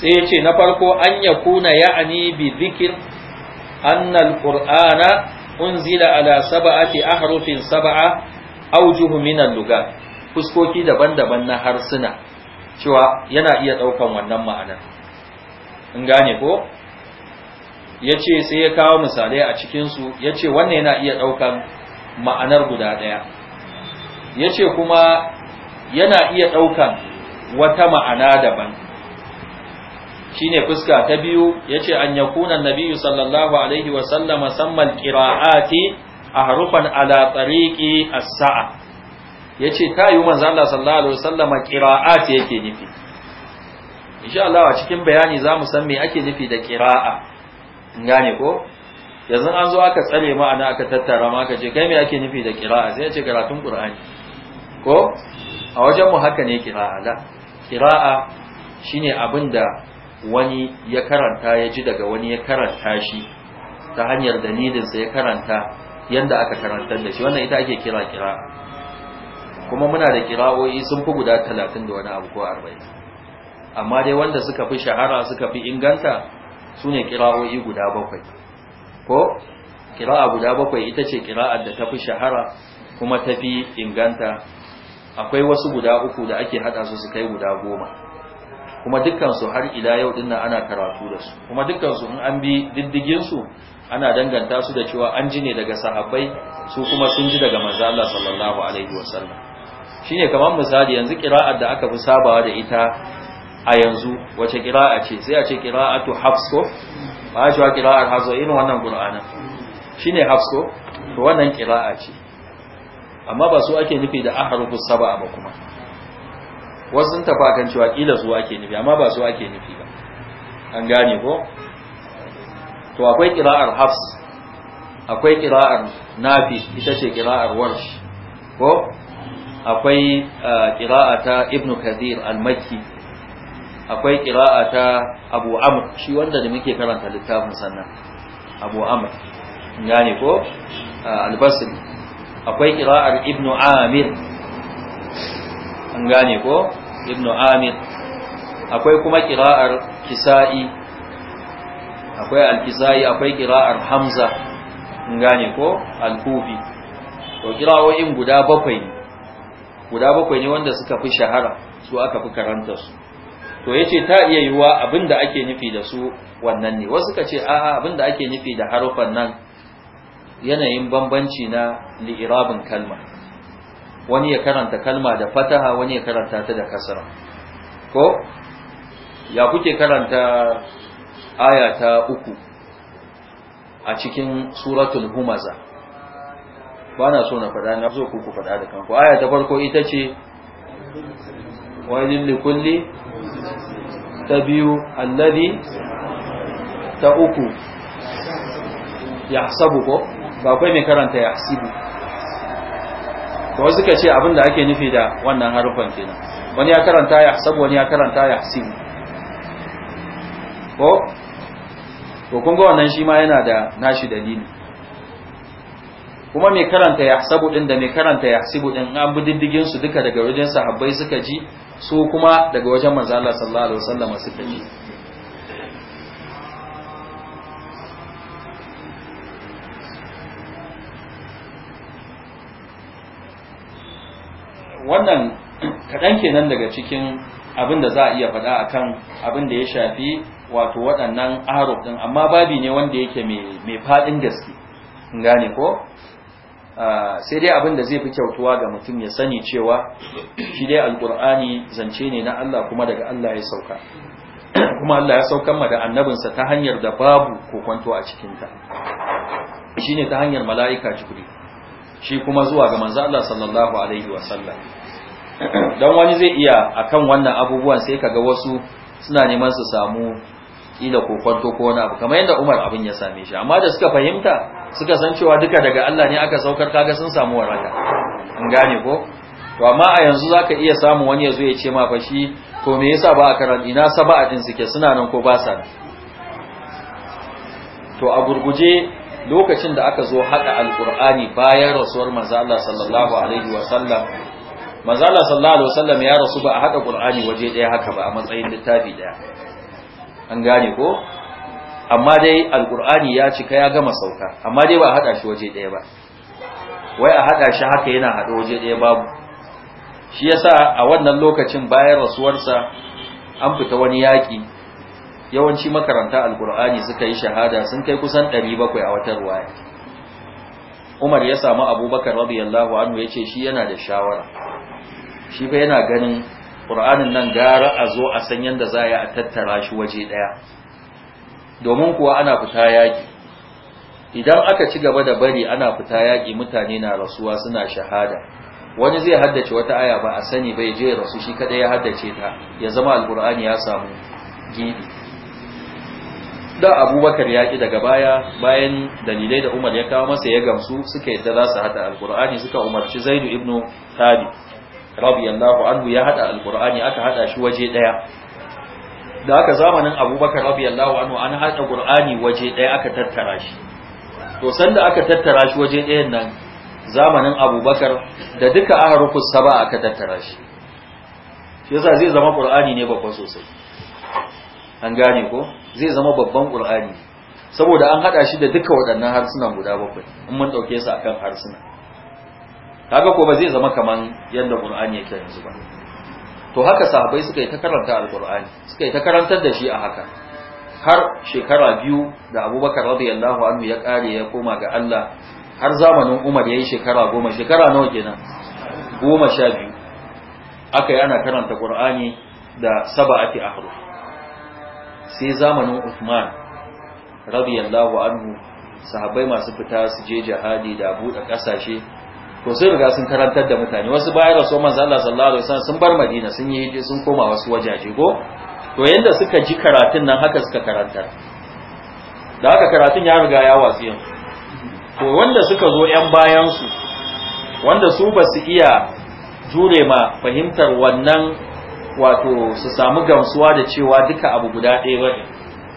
sai ya ce na farko an ya yakuna ya'ani bi zikir anna alqur'ana unzila ala sab'ati ahrufin sab'a awjuhu min al lugha fuskoki daban-daban na harsuna cewa yana iya daukan wannan ma'ana in gane ko ya ce sai ya kawo misalai a cikinsu ya ce wannan yana iya ɗaukan ma'anar guda ɗaya ya ce kuma yana iya ɗaukan wata ma'ana daban shine fuska ta biyu ya ce an yakuna biyu sallallahu alaihi wasallama sammal ƙira'ati a harufan ala tsariƙi a saa ya ce ta yi manzo Allah sallallahu alaihi wasallama ƙira'ati yake nufi insha Allah a cikin bayani za mu san me ake nufi da ƙira'a gane ko yanzu an zo aka tsare ma ana aka tattara ma aka ce kai me ake nufi da kira'a? sai ya ce karatun qur'ani ko a wajen mu haka ne kira'a la Kira'a shine abin da wani ya karanta ya ji daga wani ya karanta shi ta hanyar dalilinsa ya karanta yanda aka karantar da shi wannan ita ake kira kira'a. kuma muna da kira'o'i sun fi guda 30 da wani abu ko 40 amma dai wanda suka fi shahara suka fi inganta sune ne kira'o'i guda bakwai ko kira'a guda bakwai ita ce ƙira'ar da tafi shahara kuma tafi inganta akwai wasu guda uku da ake hada su su kai guda goma kuma dukkansu har ila yau dinnan ana karatu da su kuma dukkansu in an bi diddigin su ana danganta su da cewa an ji ne daga sahabbai su kuma sun ji daga manzo Allah sallallahu alaihi wasallam shine kamar misali yanzu kira'ar da aka fi sabawa da ita a yanzu wace kira'a ce sai a ce kira'atu hafsu ba shi wa kira'ar hazo irin wannan qur'anin shine Hafsu to wannan kira'a ce amma ba su ake nufi da ahrufu sab'a ba kuma wasu sun tafi akan cewa kila su ake nufi amma ba su ake nufi ba an gane ko to akwai kira'ar hafs akwai kira'ar nafi ita ce kira'ar warsh ko akwai eh, kira'a ta ibnu Kadir al-makki akwai ƙira'a ta abu amur shi wanda da muke karanta littafin sannan abu amur gane ko albasir akwai ƙira'ar ibnu amir an gane ko ibnu amir akwai kuma ƙira'ar kisa'i akwai alkisa'i akwai ƙira'ar hamza in gane ko alkufi to ƙira'o'in guda bakwai ne guda bakwai ne wanda suka fi shahara su aka fi karanta su to yace ta iya yiwa abinda ake nufi da su wannan ne wasu ka ce a'a abinda ake nufi da harufan nan yanayin bambanci na li'irabin kalma wani ya karanta kalma da fataha wani ya karanta ta da kasra ko ya kuke karanta aya ta uku a cikin suratul humaza ba na so na faɗa na zo ku ku faɗa da kanku aya ta farko ita ce wani likulli ta biyu alladhi ta uku yahsabu ko ba akwai mai karanta yahsibu to wasu ka ce abinda ake nufi da wannan harufan kenan wani ya karanta ya sabu wani ya karanta ya yahsibu ko to wannan shi ma yana da nashi dalilin. kuma mai karanta yahsabu din da mai karanta yahsibu din an bi diddigin su duka daga wajen sahabbai suka ji su kuma daga wajen manzo Allah sallallahu alaihi wasallam suka ji wannan kaɗan kenan daga cikin abin da za a iya faɗa akan abin da ya shafi wato waɗannan arab ɗin amma babi ne wanda yake mai faɗin gaske gane ko Ah, sai dai abin da zai fi kyautuwa ga mutum ya sani cewa shi dai alkur'ani zance ne na Allah kuma daga Allah ya sauka (coughs) kuma Allah ya saukan ma da annabinsa ta hanyar da babu ko kwanto a cikinta shi ne ta hanyar mala'ika jibril shi kuma zuwa ga manzo Allah sallallahu alaihi wasallam (coughs) dan wani zai iya akan wannan abubuwan sai kaga wasu suna neman su samu kila ko kwanto ko wani abu kamar yadda Umar abin ya same shi amma da suka fahimta suka san cewa duka daga Allah ne aka saukar kaga sun samu waraka in gane ko to amma a yanzu zaka iya samu wani yazo ya ce ma fa shi to me yasa ba a karanta ina saba'a din suke suna nan ko ba sa to a gurguje lokacin da aka zo hada alqur'ani bayan rasuwar manzo Allah sallallahu alaihi wa sallam manzo Allah sallallahu alaihi wa sallam ya rasu ba a hada qur'ani waje daya haka ba a matsayin littafi daya an gane ko amma dai alkur'ani ya cika ya gama sauka amma dai ba a haɗa shi waje daya ba wai a haɗa shi haka yana hada waje daya babu shi yasa a wannan lokacin bayan rasuwarsa an fita wani yaƙi, yawanci makaranta alkur'ani suka yi shahada sun kai kusan 700 a wata ruwaya Umar ya samu Abubakar radiyallahu anhu ce shi yana da shawara shi fa yana ganin ƙur'anin nan gara a zo a san yadda za a tattara shi waje ɗaya domin kuwa ana fita yaƙi idan aka ci gaba da bari ana fita yaƙi mutane na rasuwa suna shahada wani zai haddace wata aya ba a sani bai je rasu shi kaɗai ya haddace ta ya zama alƙur'ani ya samu gidi da abubakar ya ƙi daga baya bayan dalilai da umar ya kawo masa ya gamsu suka yadda za su haɗa alƙur'ani suka umarci zaidu ibnu tabi radiyallahu anhu ya hada alqur'ani aka hada shi waje daya da aka zamanin abubakar radiyallahu anhu an hada qur'ani waje daya aka tattara shi to sanda aka tattara shi waje dayan nan zamanin abubakar da duka ahrufus saba aka tattara shi shi yasa zai zama qur'ani ne babba sosai an gane ko zai zama babban qur'ani saboda an hada shi da duka waɗannan harsunan guda bakwai in mun dauke su akan harsunan. kaga ko ba zai zama kaman yadda qur'ani yake yanzu ba to haka sahabbai suka yi ta karanta alqur'ani suka yi ta karantar da shi a haka har shekara biyu da abubakar radiyallahu anhu ya kare ya koma ga Allah har zamanin umar yayi shekara goma shekara nawa kenan goma sha biyu aka yi ana karanta ƙur'ani da sab'ati ahruf sai zamanin uthman radiyallahu anhu sahabbai masu fita su je jihadi da abu da kasashe. to sun riga sun karantar da mutane wasu bayan rasu manzo Allah sallallahu alaihi wasallam sun bar Madina sun yi sun koma wasu wajaje ko to yanda suka ji karatun nan haka suka karantar da haka karatun ya riga ya watsi yin to wanda suka zo yan bayan su wanda su ba su iya jure ma fahimtar wannan wato su samu gamsuwa da cewa duka abu guda ɗaya ba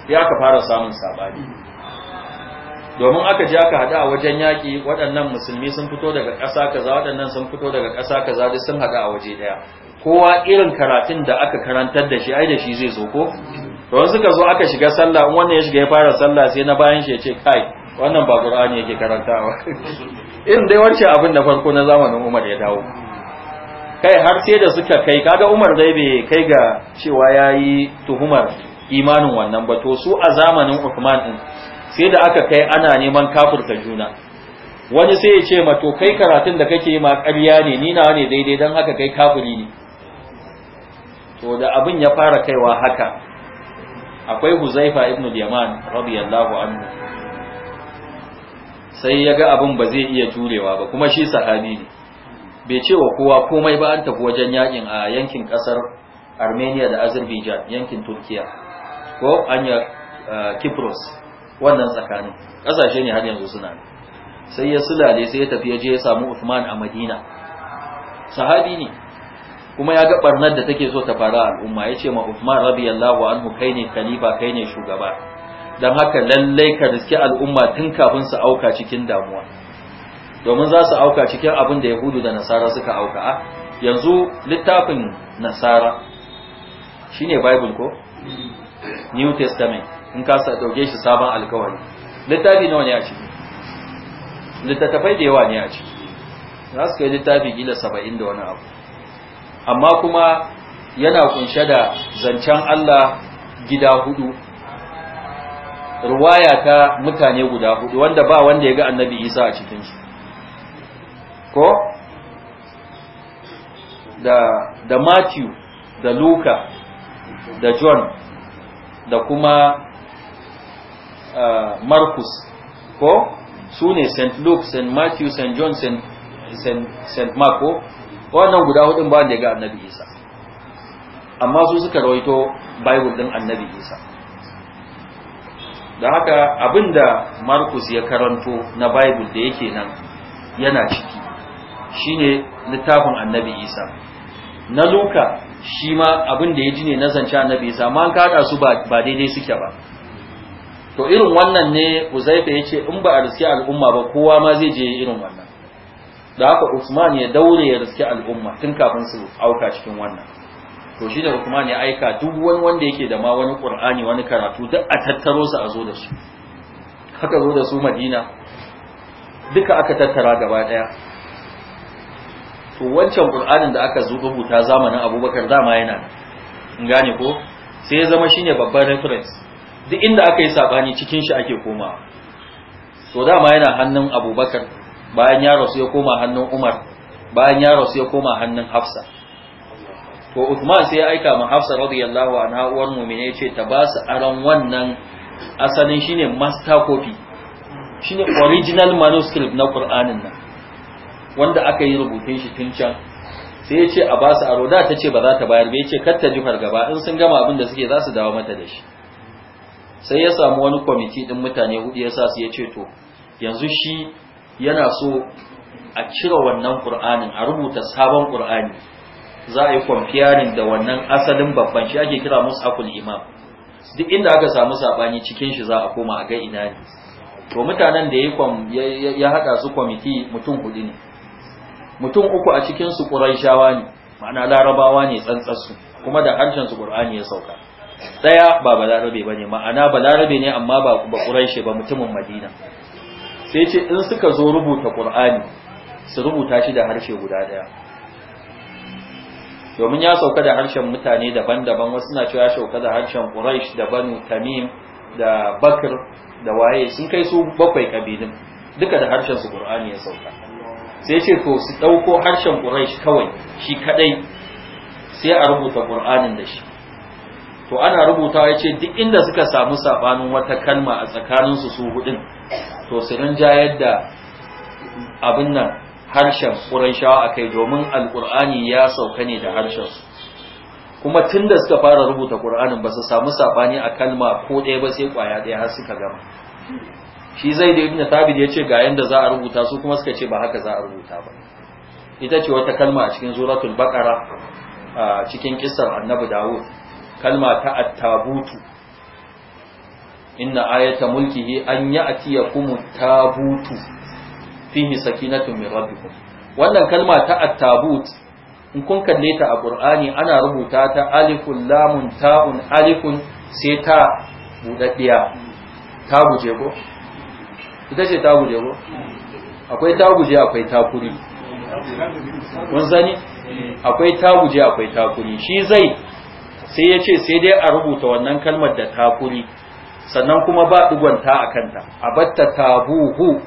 ya ka fara samun sabani domin aka je aka hada a wajen yaki, waɗannan musulmi sun fito daga ƙasa kaza waɗannan sun fito daga ƙasa kaza duk sun hada a waje ɗaya kowa irin karatun da aka karantar da shi ai da shi zai zo ko to suka zo aka shiga sallah in wannan ya shiga ya fara sallah sai na bayan shi ya ce kai wannan ba qur'ani yake karantawa (laughs) in dai wancan abin da farko na zamanin Umar ya dawo kai har sai da suka kai kaga Umar dai bai kai ga cewa yayi tuhumar imanin wannan ba to su a zamanin Uthman din sai da aka kai ana neman kafirta juna wani sai ya ce ma to kai karatun da kake yi ma ƙarya ne ni na ne daidai don haka kai kafiri ne to da abin ya fara kaiwa haka akwai huzaifa ibn yaman radiyallahu anhu sai ya ga abin ba zai iya jurewa ba kuma shi sahabi ne bai ce wa kowa komai ba an tafi wajen yakin a yankin kasar armenia da azerbaijan yankin turkiya ko anya eh, kipros wannan tsakanin ƙasashe ne har yanzu suna sai ya sulale sai ya tafi ya je ya samu Uthman a Madina sahabi ne kuma ya ga barnar da take so ta faru al'umma yace ma Uthman radiyallahu anhu kai ne khalifa kai ne shugaba dan haka lallai ka riski al'umma tun kafin su auka cikin damuwa domin za su auka cikin abin da Yahudu da Nasara suka auka a ah, yanzu littafin Nasara shine Bible ko New Testament in ka sa dauke shi sabon alkawari littafi nawa ne a ciki littattafai da yawa ne a ciki za su kai littafi gila saba'in da wani abu amma kuma yana kunshe da zancen Allah gida hudu ruwaya ta mutane guda hudu wanda ba wanda ya ga annabi isa a cikin shi, ko da, da matthew da luka da john da kuma Uh, marcus ko su ne st luke st matthew st john st ko wannan guda hudun ba da ga annabi isa amma su suka rawaito bible din annabi isa da haka abinda marcus ya karanto na bible da yake nan yana ciki shine littafin annabi isa na luka shi ma abin da ya ji ne na zance annabi isa ma an kada su ba daidai suke ba to irin wannan ne uzaifa ya ce in ba a riski al'umma ba kowa ma zai je irin wannan da haka usman ya daure ya riski al'umma tun kafin su auka cikin wannan to shi da usman ya aika duk wani wanda yake da ma wani qur'ani wani karatu duk a tattaro su a zo da su haka zo da su madina duka aka tattara gaba daya to wancan qur'anin da aka zo rubuta zamanin abubakar dama yana gane ko sai ya zama shine babban reference duk inda aka yi sabani cikin shi ake koma to dama yana hannun abubakar bayan ya rasu ya koma hannun umar bayan ya rasu ya koma hannun hafsa to Usman sai ya aika ma hafsa radiyallahu anha uwar mu'mini yace ta ba su aron wannan asalin shine master copy shine original manuscript na qur'anin nan wanda aka yi rubutun shi tun can sai yace a ba su aro da ta ce ba za ta bayar ba yace kar ta ji fargaba in sun gama abin da suke za su dawo mata da shi sai ya samu wani kwamiti din mutane hudu ya sa su ya ce to yanzu shi yana so a cire wannan qur'anin a rubuta sabon qur'ani za a yi kwamfiyarin da wannan asalin babban shi ake kira musu mus'aful imam duk inda aka samu saɓani cikin shi za a koma a ga ina ne to mutanen da ya haɗa su kwamiti mutum hudu ne mutum uku a cikin su ne ma'ana larabawa ne tsantsarsu kuma da harshen su ƙur'ani ya sauka daya ba balarabe bane ma'ana balarabe ne amma ba ba quraishi ba mutumin madina sai ce in suka zo rubuta qur'ani su rubuta shi da harshe guda daya domin ya sauka da harshen mutane daban-daban wasu na cewa sauka da harshen quraish da banu tamim da bakr da waye sun kai su bakwai kabilin duka da harshen su qur'ani ya sauka sai ce to su ɗauko harshen quraish kawai shi kaɗai, sai a rubuta qur'anin da shi to ana rubuta ya ce duk inda suka samu sabanin wata kalma a tsakaninsu su hudun to su rinjayar da abin nan harshen ƙuranshawa a kai domin alƙur'ani ya sauka ne da harshen kuma tun da suka fara rubuta ƙur'anin ba su samu sabani a kalma ko ɗaya ba sai ƙwaya ɗaya har suka gama shi zai da ibn tabid ya ce ga yanda za a rubuta su kuma suka ce ba haka za a rubuta ba ita ce wata kalma a cikin suratul baqara a cikin kissar annabi dawud kalma ta attabutu inna ayata mulkihi an ya'tiyakum tabutu fihi sakinatun min rabbikum wannan kalma ta attabut in kun kalle ta a qur'ani ana rubuta ta alifun lamun ta'un alifun sai ta budaddiya ta guje ko ita ce ta guje ko akwai ta guje akwai takuri kun sani akwai ta guje akwai takuri shi zai sai ya ce sai dai a rubuta wannan kalmar da takuri sannan kuma ba digonta a kanta a batta tabuhu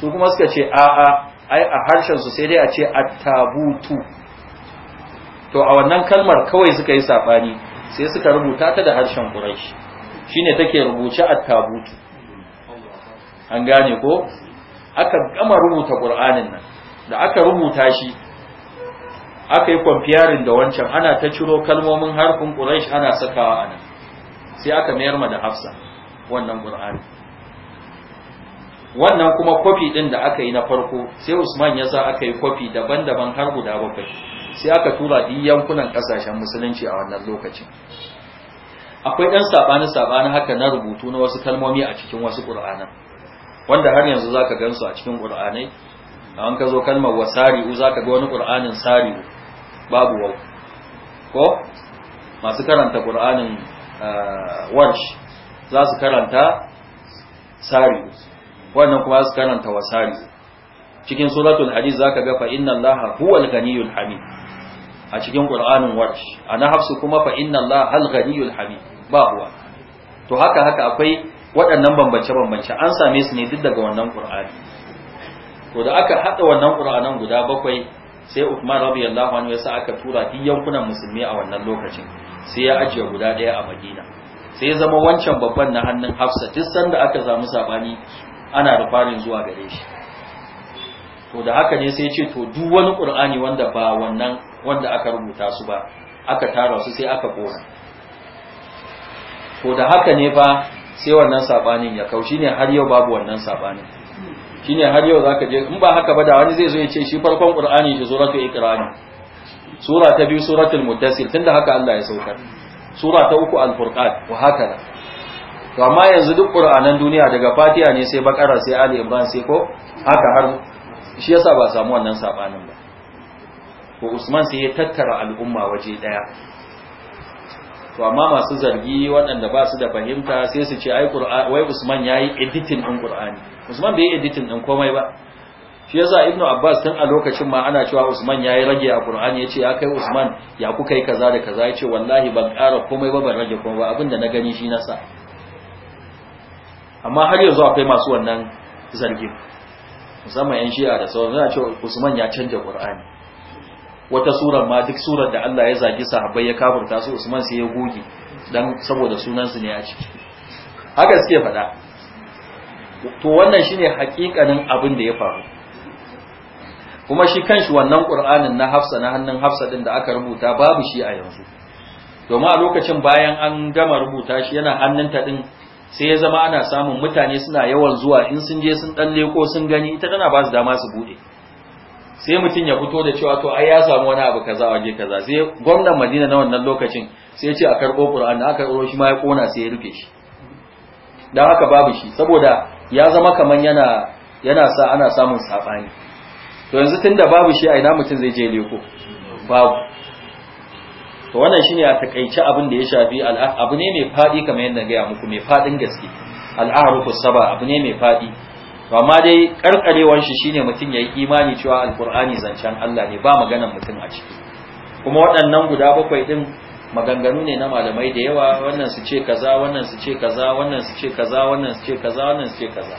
su kuma suka ce a'a ai a harshen su sai dai a ce attabutu to a wannan kalmar kawai suka yi saɓani sai suka rubuta ta da harshen quraish shine take rubuce attabutu an gane ko aka gama rubuta qur'anin nan da aka rubuta shi aka yi kwamfiyarin da wancan ana ta ciro kalmomin harfin quraish ana sakawa anan sai aka mayar ma da hafsa wannan qur'ani wannan kuma kwafi din da aka yi na farko sai usman ya sa aka yi kofi daban-daban har guda bakwai sai aka tura duk yankunan kasashen musulunci a wannan lokacin akwai ɗan saɓani-saɓani haka na rubutu na wasu kalmomi a cikin wasu ƙur'anan wanda har yanzu za ka gansu a cikin ƙur'anai a wanka zo kalmar wa sari'u za ka ga wani ƙur'anin sari'u babu wau ko masu karanta ƙur'anin eh, warsh za su karanta sari wannan kuma su karanta wasari cikin suratul hadid zaka ga fa inna allaha huwal ghaniyul hamid a cikin qur'anin warsh ana hafsu kuma fa inna allaha al ghaniyul hamid ba huwa to haka haka akwai waɗannan bambance bambance an same su ne duk daga wannan qur'ani to da aka hada wannan qur'anan guda bakwai sai Uthman radiyallahu anhu yasa aka tura duk yankunan musulmi a wannan lokacin sai ya ajiye guda daya a Madina sai ya zama wancan babban na hannun Hafsa duk sanda aka samu sabani ana rufarin zuwa gare shi to da haka ne sai ya ce to duk wani Qur'ani wanda ba wannan wanda aka rubuta su ba aka tara su sai aka kora to da haka ne fa sai wannan sabanin ya kaushi ne har yau babu wannan sabanin shine har yau zaka je in ba haka ba da wani zai zo ya ce shi farkon qur'ani shi suratul iqra sura ta biyu suratul mudassir tunda haka Allah ya saukar sura ta uku al-furqan wa haka to amma yanzu duk qur'anan duniya daga fatiha ne sai bakara sai ali imran sai ko haka har shi yasa ba samu wannan sabanin ba ko usman sai ya tattara al'umma waje daya to amma masu zargi waɗanda ba su da fahimta sai su ce ai wai usman yayi editing din qur'ani Usman bai editin din komai ba shi yasa Ibn Abbas tun a lokacin ma ana cewa Usman yayi rage a Qur'ani yace ya kai Usman ya kuka yi kaza da kaza yace wallahi ban ƙara komai ba ban rage komai ba abinda na gani shi nasa amma har yanzu akwai masu wannan zargi musamman yan shi'a da sauran yana cewa Usman ya canja Qur'ani wata surar ma duk surar da Allah ya zagi sahabbai ya kafirta su Usman sai ya goge dan saboda sunan su ne a ciki haka suke faɗa to wannan shine hakikanin abin da ya faru kuma shi kanshi wannan qur'anin na Hafsa na hannun Hafsa din da aka rubuta babu shi a yanzu domin a lokacin bayan an gama rubuta shi yana hannun ta din sai ya zama ana samun mutane suna yawan zuwa in sun je sun dan leko sun gani ita tana ba su dama su bude sai mutum ya fito da cewa to ai ya samu wani abu kaza waje kaza sai gwamnan Madina na wannan lokacin sai ya ce a karbo Qur'ani aka karbo shi ma ya kona sai ya rufe shi dan haka babu shi saboda ya zama kaman yana yana sa ana samun sabani to yanzu tunda babu shi a ina mutum zai je leko babu to wannan shine a takaice abin da ya shafi abu ne mai fadi kamar yadda ga muku mai fadin gaske al'arufu saba abu ne mai fadi to amma dai karkarewar shi shine mutum yayi imani cewa alqur'ani zancen Allah ne ba maganar mutum a ciki kuma waɗannan guda bakwai din maganganu ne na malamai da yawa wannan su ce kaza wannan su ce kaza wannan su ce kaza wannan su ce kaza wannan su ce kaza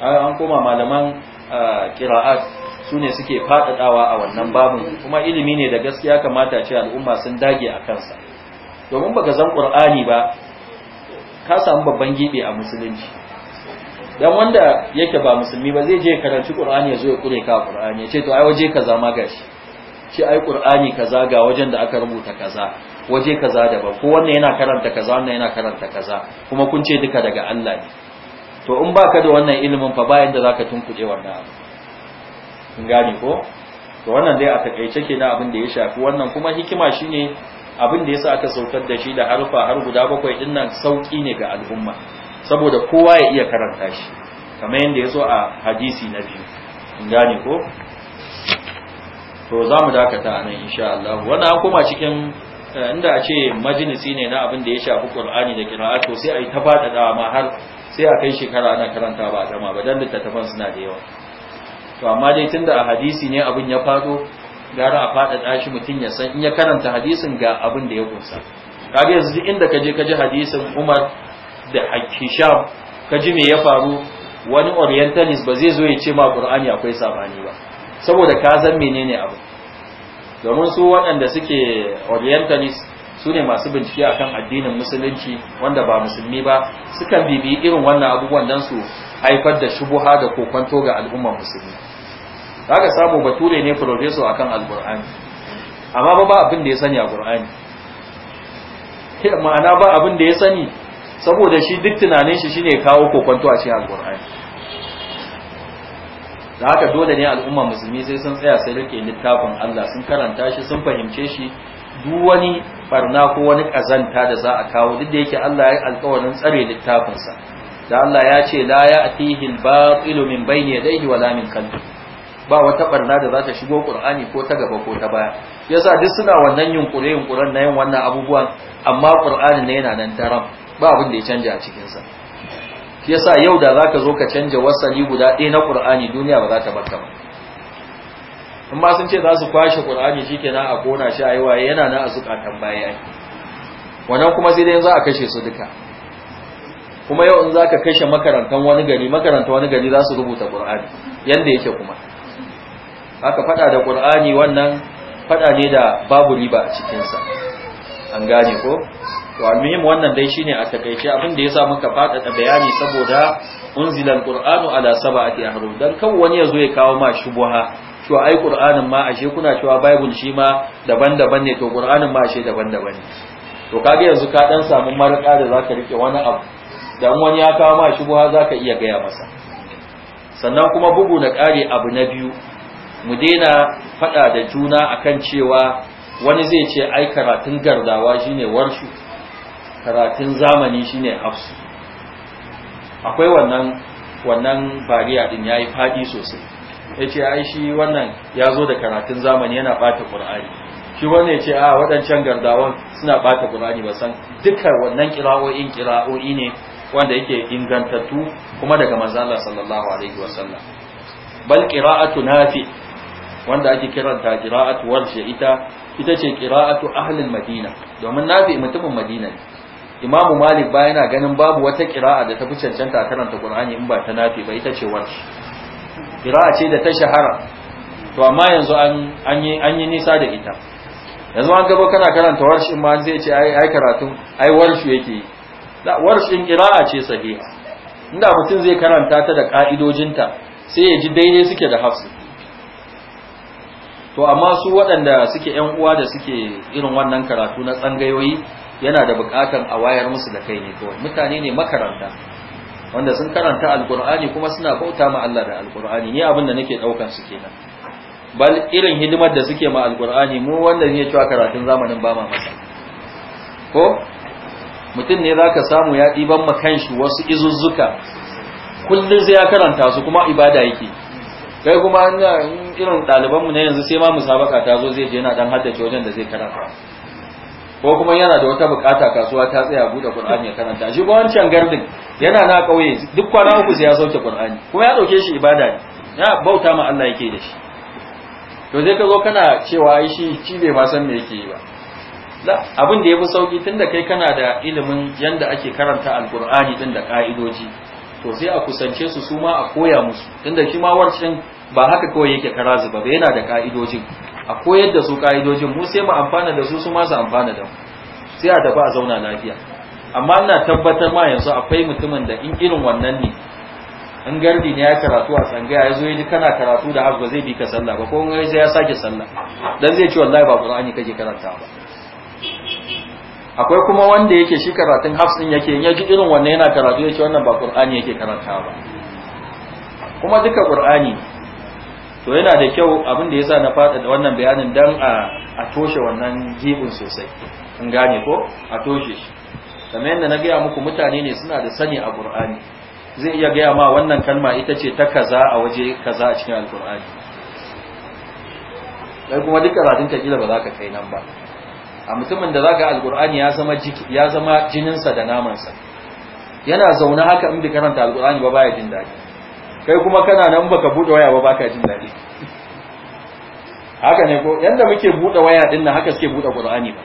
an koma malaman qira'at su ne suke faɗaɗawa a wannan babin kuma ilimi ne da gaskiya kamata ce al'umma sun dage a kansa domin baka zan qur'ani ba ka samu babban gibe a musulunci dan wanda yake ba musulmi ba zai je karanci qur'ani ya zo ya kure ka qur'ani ya ce to ai waje kaza ma gashi ce ai qur'ani kaza ga wajen da aka rubuta kaza waje kaza daban ko wannan yana karanta kaza wannan yana karanta kaza kuma kun ce duka daga Allah ne to in baka da wannan ilimin fa bayan da zaka tunkuje wannan abu kun gane ko to wannan dai a takaice kenan abin da ya shafi wannan kuma hikima shine abin da yasa aka saukar da shi da harfa har guda bakwai din nan sauki ne ga al'umma saboda kowa ya iya karanta shi kamar yadda ya zo a hadisi na biyu in gane ko to za mu dakata anan nan insha Allah wannan an koma cikin Eh, inda a ce majinisi ne na abin da ya shafi Qur'ani da kira'a to sai a yi ta da ma har sai a kai shekara ana karanta ba a ba dan littattafan suna da yawa to amma dai tunda a hadisi ne abin ya faɗo gara a faɗaɗa shi mutum ya san in ya karanta hadisin ga abin da ya kunsa kaga yanzu inda kaje je hadisin Umar da Hisham kaji me ya faru wani orientalist ba zai zo ya ce ma Qur'ani akwai sabani ba saboda ka san menene abu domin su waɗanda suke orientalist su ne masu bincike akan addinin musulunci wanda ba musulmi ba sukan bibiyi irin wannan abubuwan don su haifar da shubuha da kokonto ga al'ummar musulmi Za ka samu bature ne a akan alqur'ani amma ba ba abin da ya sani a qur'ani ma'ana ba abin da ya sani saboda shi duk tunanin shi shine kawo kokonto a cikin alqur'ani da haka dole ne al'umma musulmi sai sun tsaya sai rike littafin Allah sun karanta shi sun fahimce shi duk wani ɓarna ko wani kazanta da za a kawo duk da yake Allah ya alƙawarin tsare littafin sa da Allah ya ce la ya'tihi al-batilu min bayni yadayhi wala min khalfi ba wata barna da za ta shigo Qur'ani ko ta gaba ko ta baya yasa duk suna wannan yunkure yunkuren na yin wannan abubuwan amma Qur'ani ne yana nan daram ba abin da ya canja a cikin sa shi yasa yau da zaka zo ka canja wasali guda ɗaya na Qur'ani duniya ba za ta barka ba in ba sun ce za su kwashe Qur'ani shikenan a kona shi ayi waye yana nan a zukatan baya ai wannan kuma sai dai za a kashe su duka kuma yau in zaka kashe makarantan wani gari makarantan wani gari za su rubuta Qur'ani yanda yake kuma haka fada da Qur'ani wannan fada ne da babu riba a cikin sa an gane ko to almuhim wannan dai shine a takaice abin da yasa muka faɗaɗa bayani saboda unzila alqur'anu ala sab'ati ahruf dan kan wani yazo ya kawo ma shubuha to ai qur'anin ma ashe kuna cewa bible shi ma daban-daban ne to qur'anin ma ashe daban-daban ne to kage yanzu ka dan samu marka da zaka rike wani abu dan wani ya kawo ma shubuha zaka iya gaya masa sannan kuma bugu na kare abu na biyu mu daina faɗa da juna akan cewa wani zai ce ai karatun gardawa shine warshu karatun zamani shine hafsu akwai wannan wannan fariya din yayi faɗi sosai yace ai shi wannan zo da karatun zamani yana bata qur'ani shi wannan yace a wadancan gardawan suna bata ƙur'ani ba san dukkan wannan kira'o'in kira'o'i ne wanda yake ingantattu kuma daga manzo Allah sallallahu alaihi wasallam bal ƙira'atu nafi wanda ake kiranta ƙira'atu warshi ita ita ce qira'atu ahlil madina domin nafi mutumin madina ne imamu malik ba yana ganin babu wata kira'a da ta fi cancanta a karanta qur'ani in ba ta nafi ba ita ce wacce kira'a ce da ta shahara to amma yanzu an an yi an yi nisa da ita yanzu an gaba kana karanta warshi in ma zai ce ai ai karatu ai warshi yake da warshin kira'a ce sahiha inda mutum zai karanta ta da ka'idojinta sai ya ji daidai suke da hafsu to amma su waɗanda suke yan uwa da suke irin wannan karatu na tsangayoyi yana da bukatar a wayar musu da kai ne kawai mutane ne makaranta wanda sun karanta alkur'ani kuma suna bauta ma Allah da alkur'ani ni abin da nake daukan su kenan bal irin hidimar da suke ma alkur'ani mu wanda ne cewa karatun zamanin ba ma masa ko mutum ne zaka samu ya diban ma kanshi wasu izuzzuka kullun sai ya karanta su kuma ibada yake kai kuma irin mu na yanzu sai ma musabaka ta zo zai je yana dan haddace wajen da zai karanta ko kuma yana da wata bukata kasuwa ta tsaya bude Qur'ani ya karanta shi ba wancan gardin yana na kauye duk kwana uku sai ya sauke Qur'ani kuma ya dauke shi ibada ne ya bauta ma Allah yake da shi to sai ka zo kana cewa ai shi shi bai ba san me yake yi ba la abin da yafi sauki tunda kai kana da ilimin yanda ake karanta alqur'ani din da ka'idoji to sai a kusance su su ma a koya musu tunda shi ma wancan ba haka kawai yake karazu ba yana da ka'idojin a koyar da su ka'idojin mu sai mu amfana da su su ma su amfana da mu sai a tafi a zauna lafiya amma ina tabbatar ma yanzu akwai mutumin da in irin wannan ne in garbi ne ya karatu a tsangaya ya zo ya ji kana karatu da hafza zai bi ka sallah ba ko in ya sake sallah dan zai ce wallahi ba qur'ani kake karanta ba akwai kuma wanda yake shi karatun hafs din yake in ya ji irin wannan yana karatu yake wannan ba qur'ani yake karanta ba kuma duka qur'ani to yana da kyau abin da ya sa na fada da wannan bayanin dan a a toshe wannan jibin sosai in gane ko a toshe shi kamar yadda na gaya muku mutane ne suna da sani a Qur'ani zai iya gaya ma wannan kalma ita ce ta kaza a waje kaza a cikin alkur'ani dai kuma duk karatun ta kila ba za ka kai nan ba a mutumin da zaka alkur'ani ya zama ya zama jininsa da namansa yana zaune haka in bi karanta alkur'ani ba baya jin daɗi kai kuma kana nan baka bude waya ba baka jin dadi haka ne ko yanda muke bude waya din nan haka suke bude qur'ani ba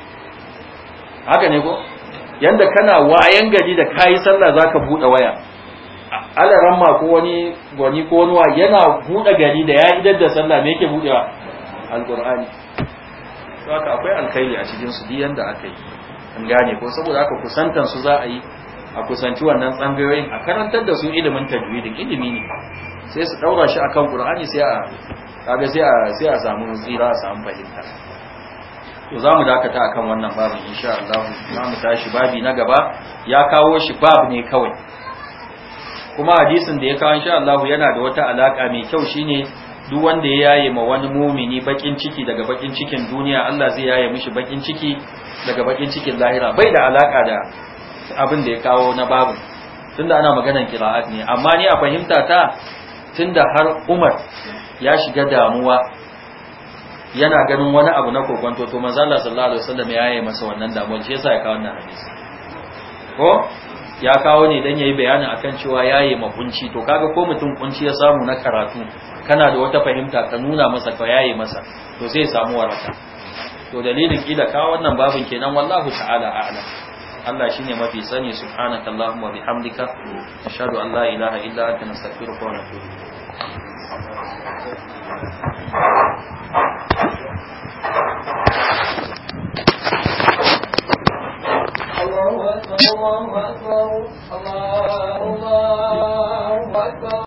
haka ne ko yanda kana wayan gari da kai sallah zaka bude waya ala ma ko wani gwani ko wani yana bude gari da ya idar da sallah me yake budewa alqur'ani saboda akwai alkhairi a cikin su duk yanda aka yi an gane ko saboda haka kusantan su za a yi a kusanci wannan tsangayoyin a karantar da su ilimin tajwidi ilimi ne sai su daura shi akan qur'ani sai a kage sai a sai a samu tsira a samu fahimta to zamu dakata akan wannan babu insha Allah zamu tashi babi na gaba ya kawo shi bab ne kawai kuma hadisin da ya kawo insha Allah yana da wata alaka mai kyau shine duk wanda ya yaye ma wani mumini bakin ciki daga bakin cikin duniya Allah zai yaye mishi bakin ciki daga bakin cikin lahira bai da alaka da abin da ya kawo na babin tunda ana maganan kira'at ne amma ni a fahimta ta tunda har umar ya shiga damuwa yana ganin wani abu na kokonto to manzo Allah sallallahu alaihi wasallam ya yi masa wannan damuwa shi yasa ya kawo wannan hadisi ko ya kawo ne dan yayi bayani akan cewa yayi mabunci to kaga ko mutum kunci ya samu na karatu kana da wata fahimta ka nuna masa ka yayi masa to zai samu waraka to dalilin kila kawo wannan babin kenan wallahu ta'ala a'lam Allah shine mafi sani subhanakallahumma bihamdika ashhadu an la ilaha illa anta nastaghfiruka wa natubu Allahu akbar Allahu akbar Allahu akbar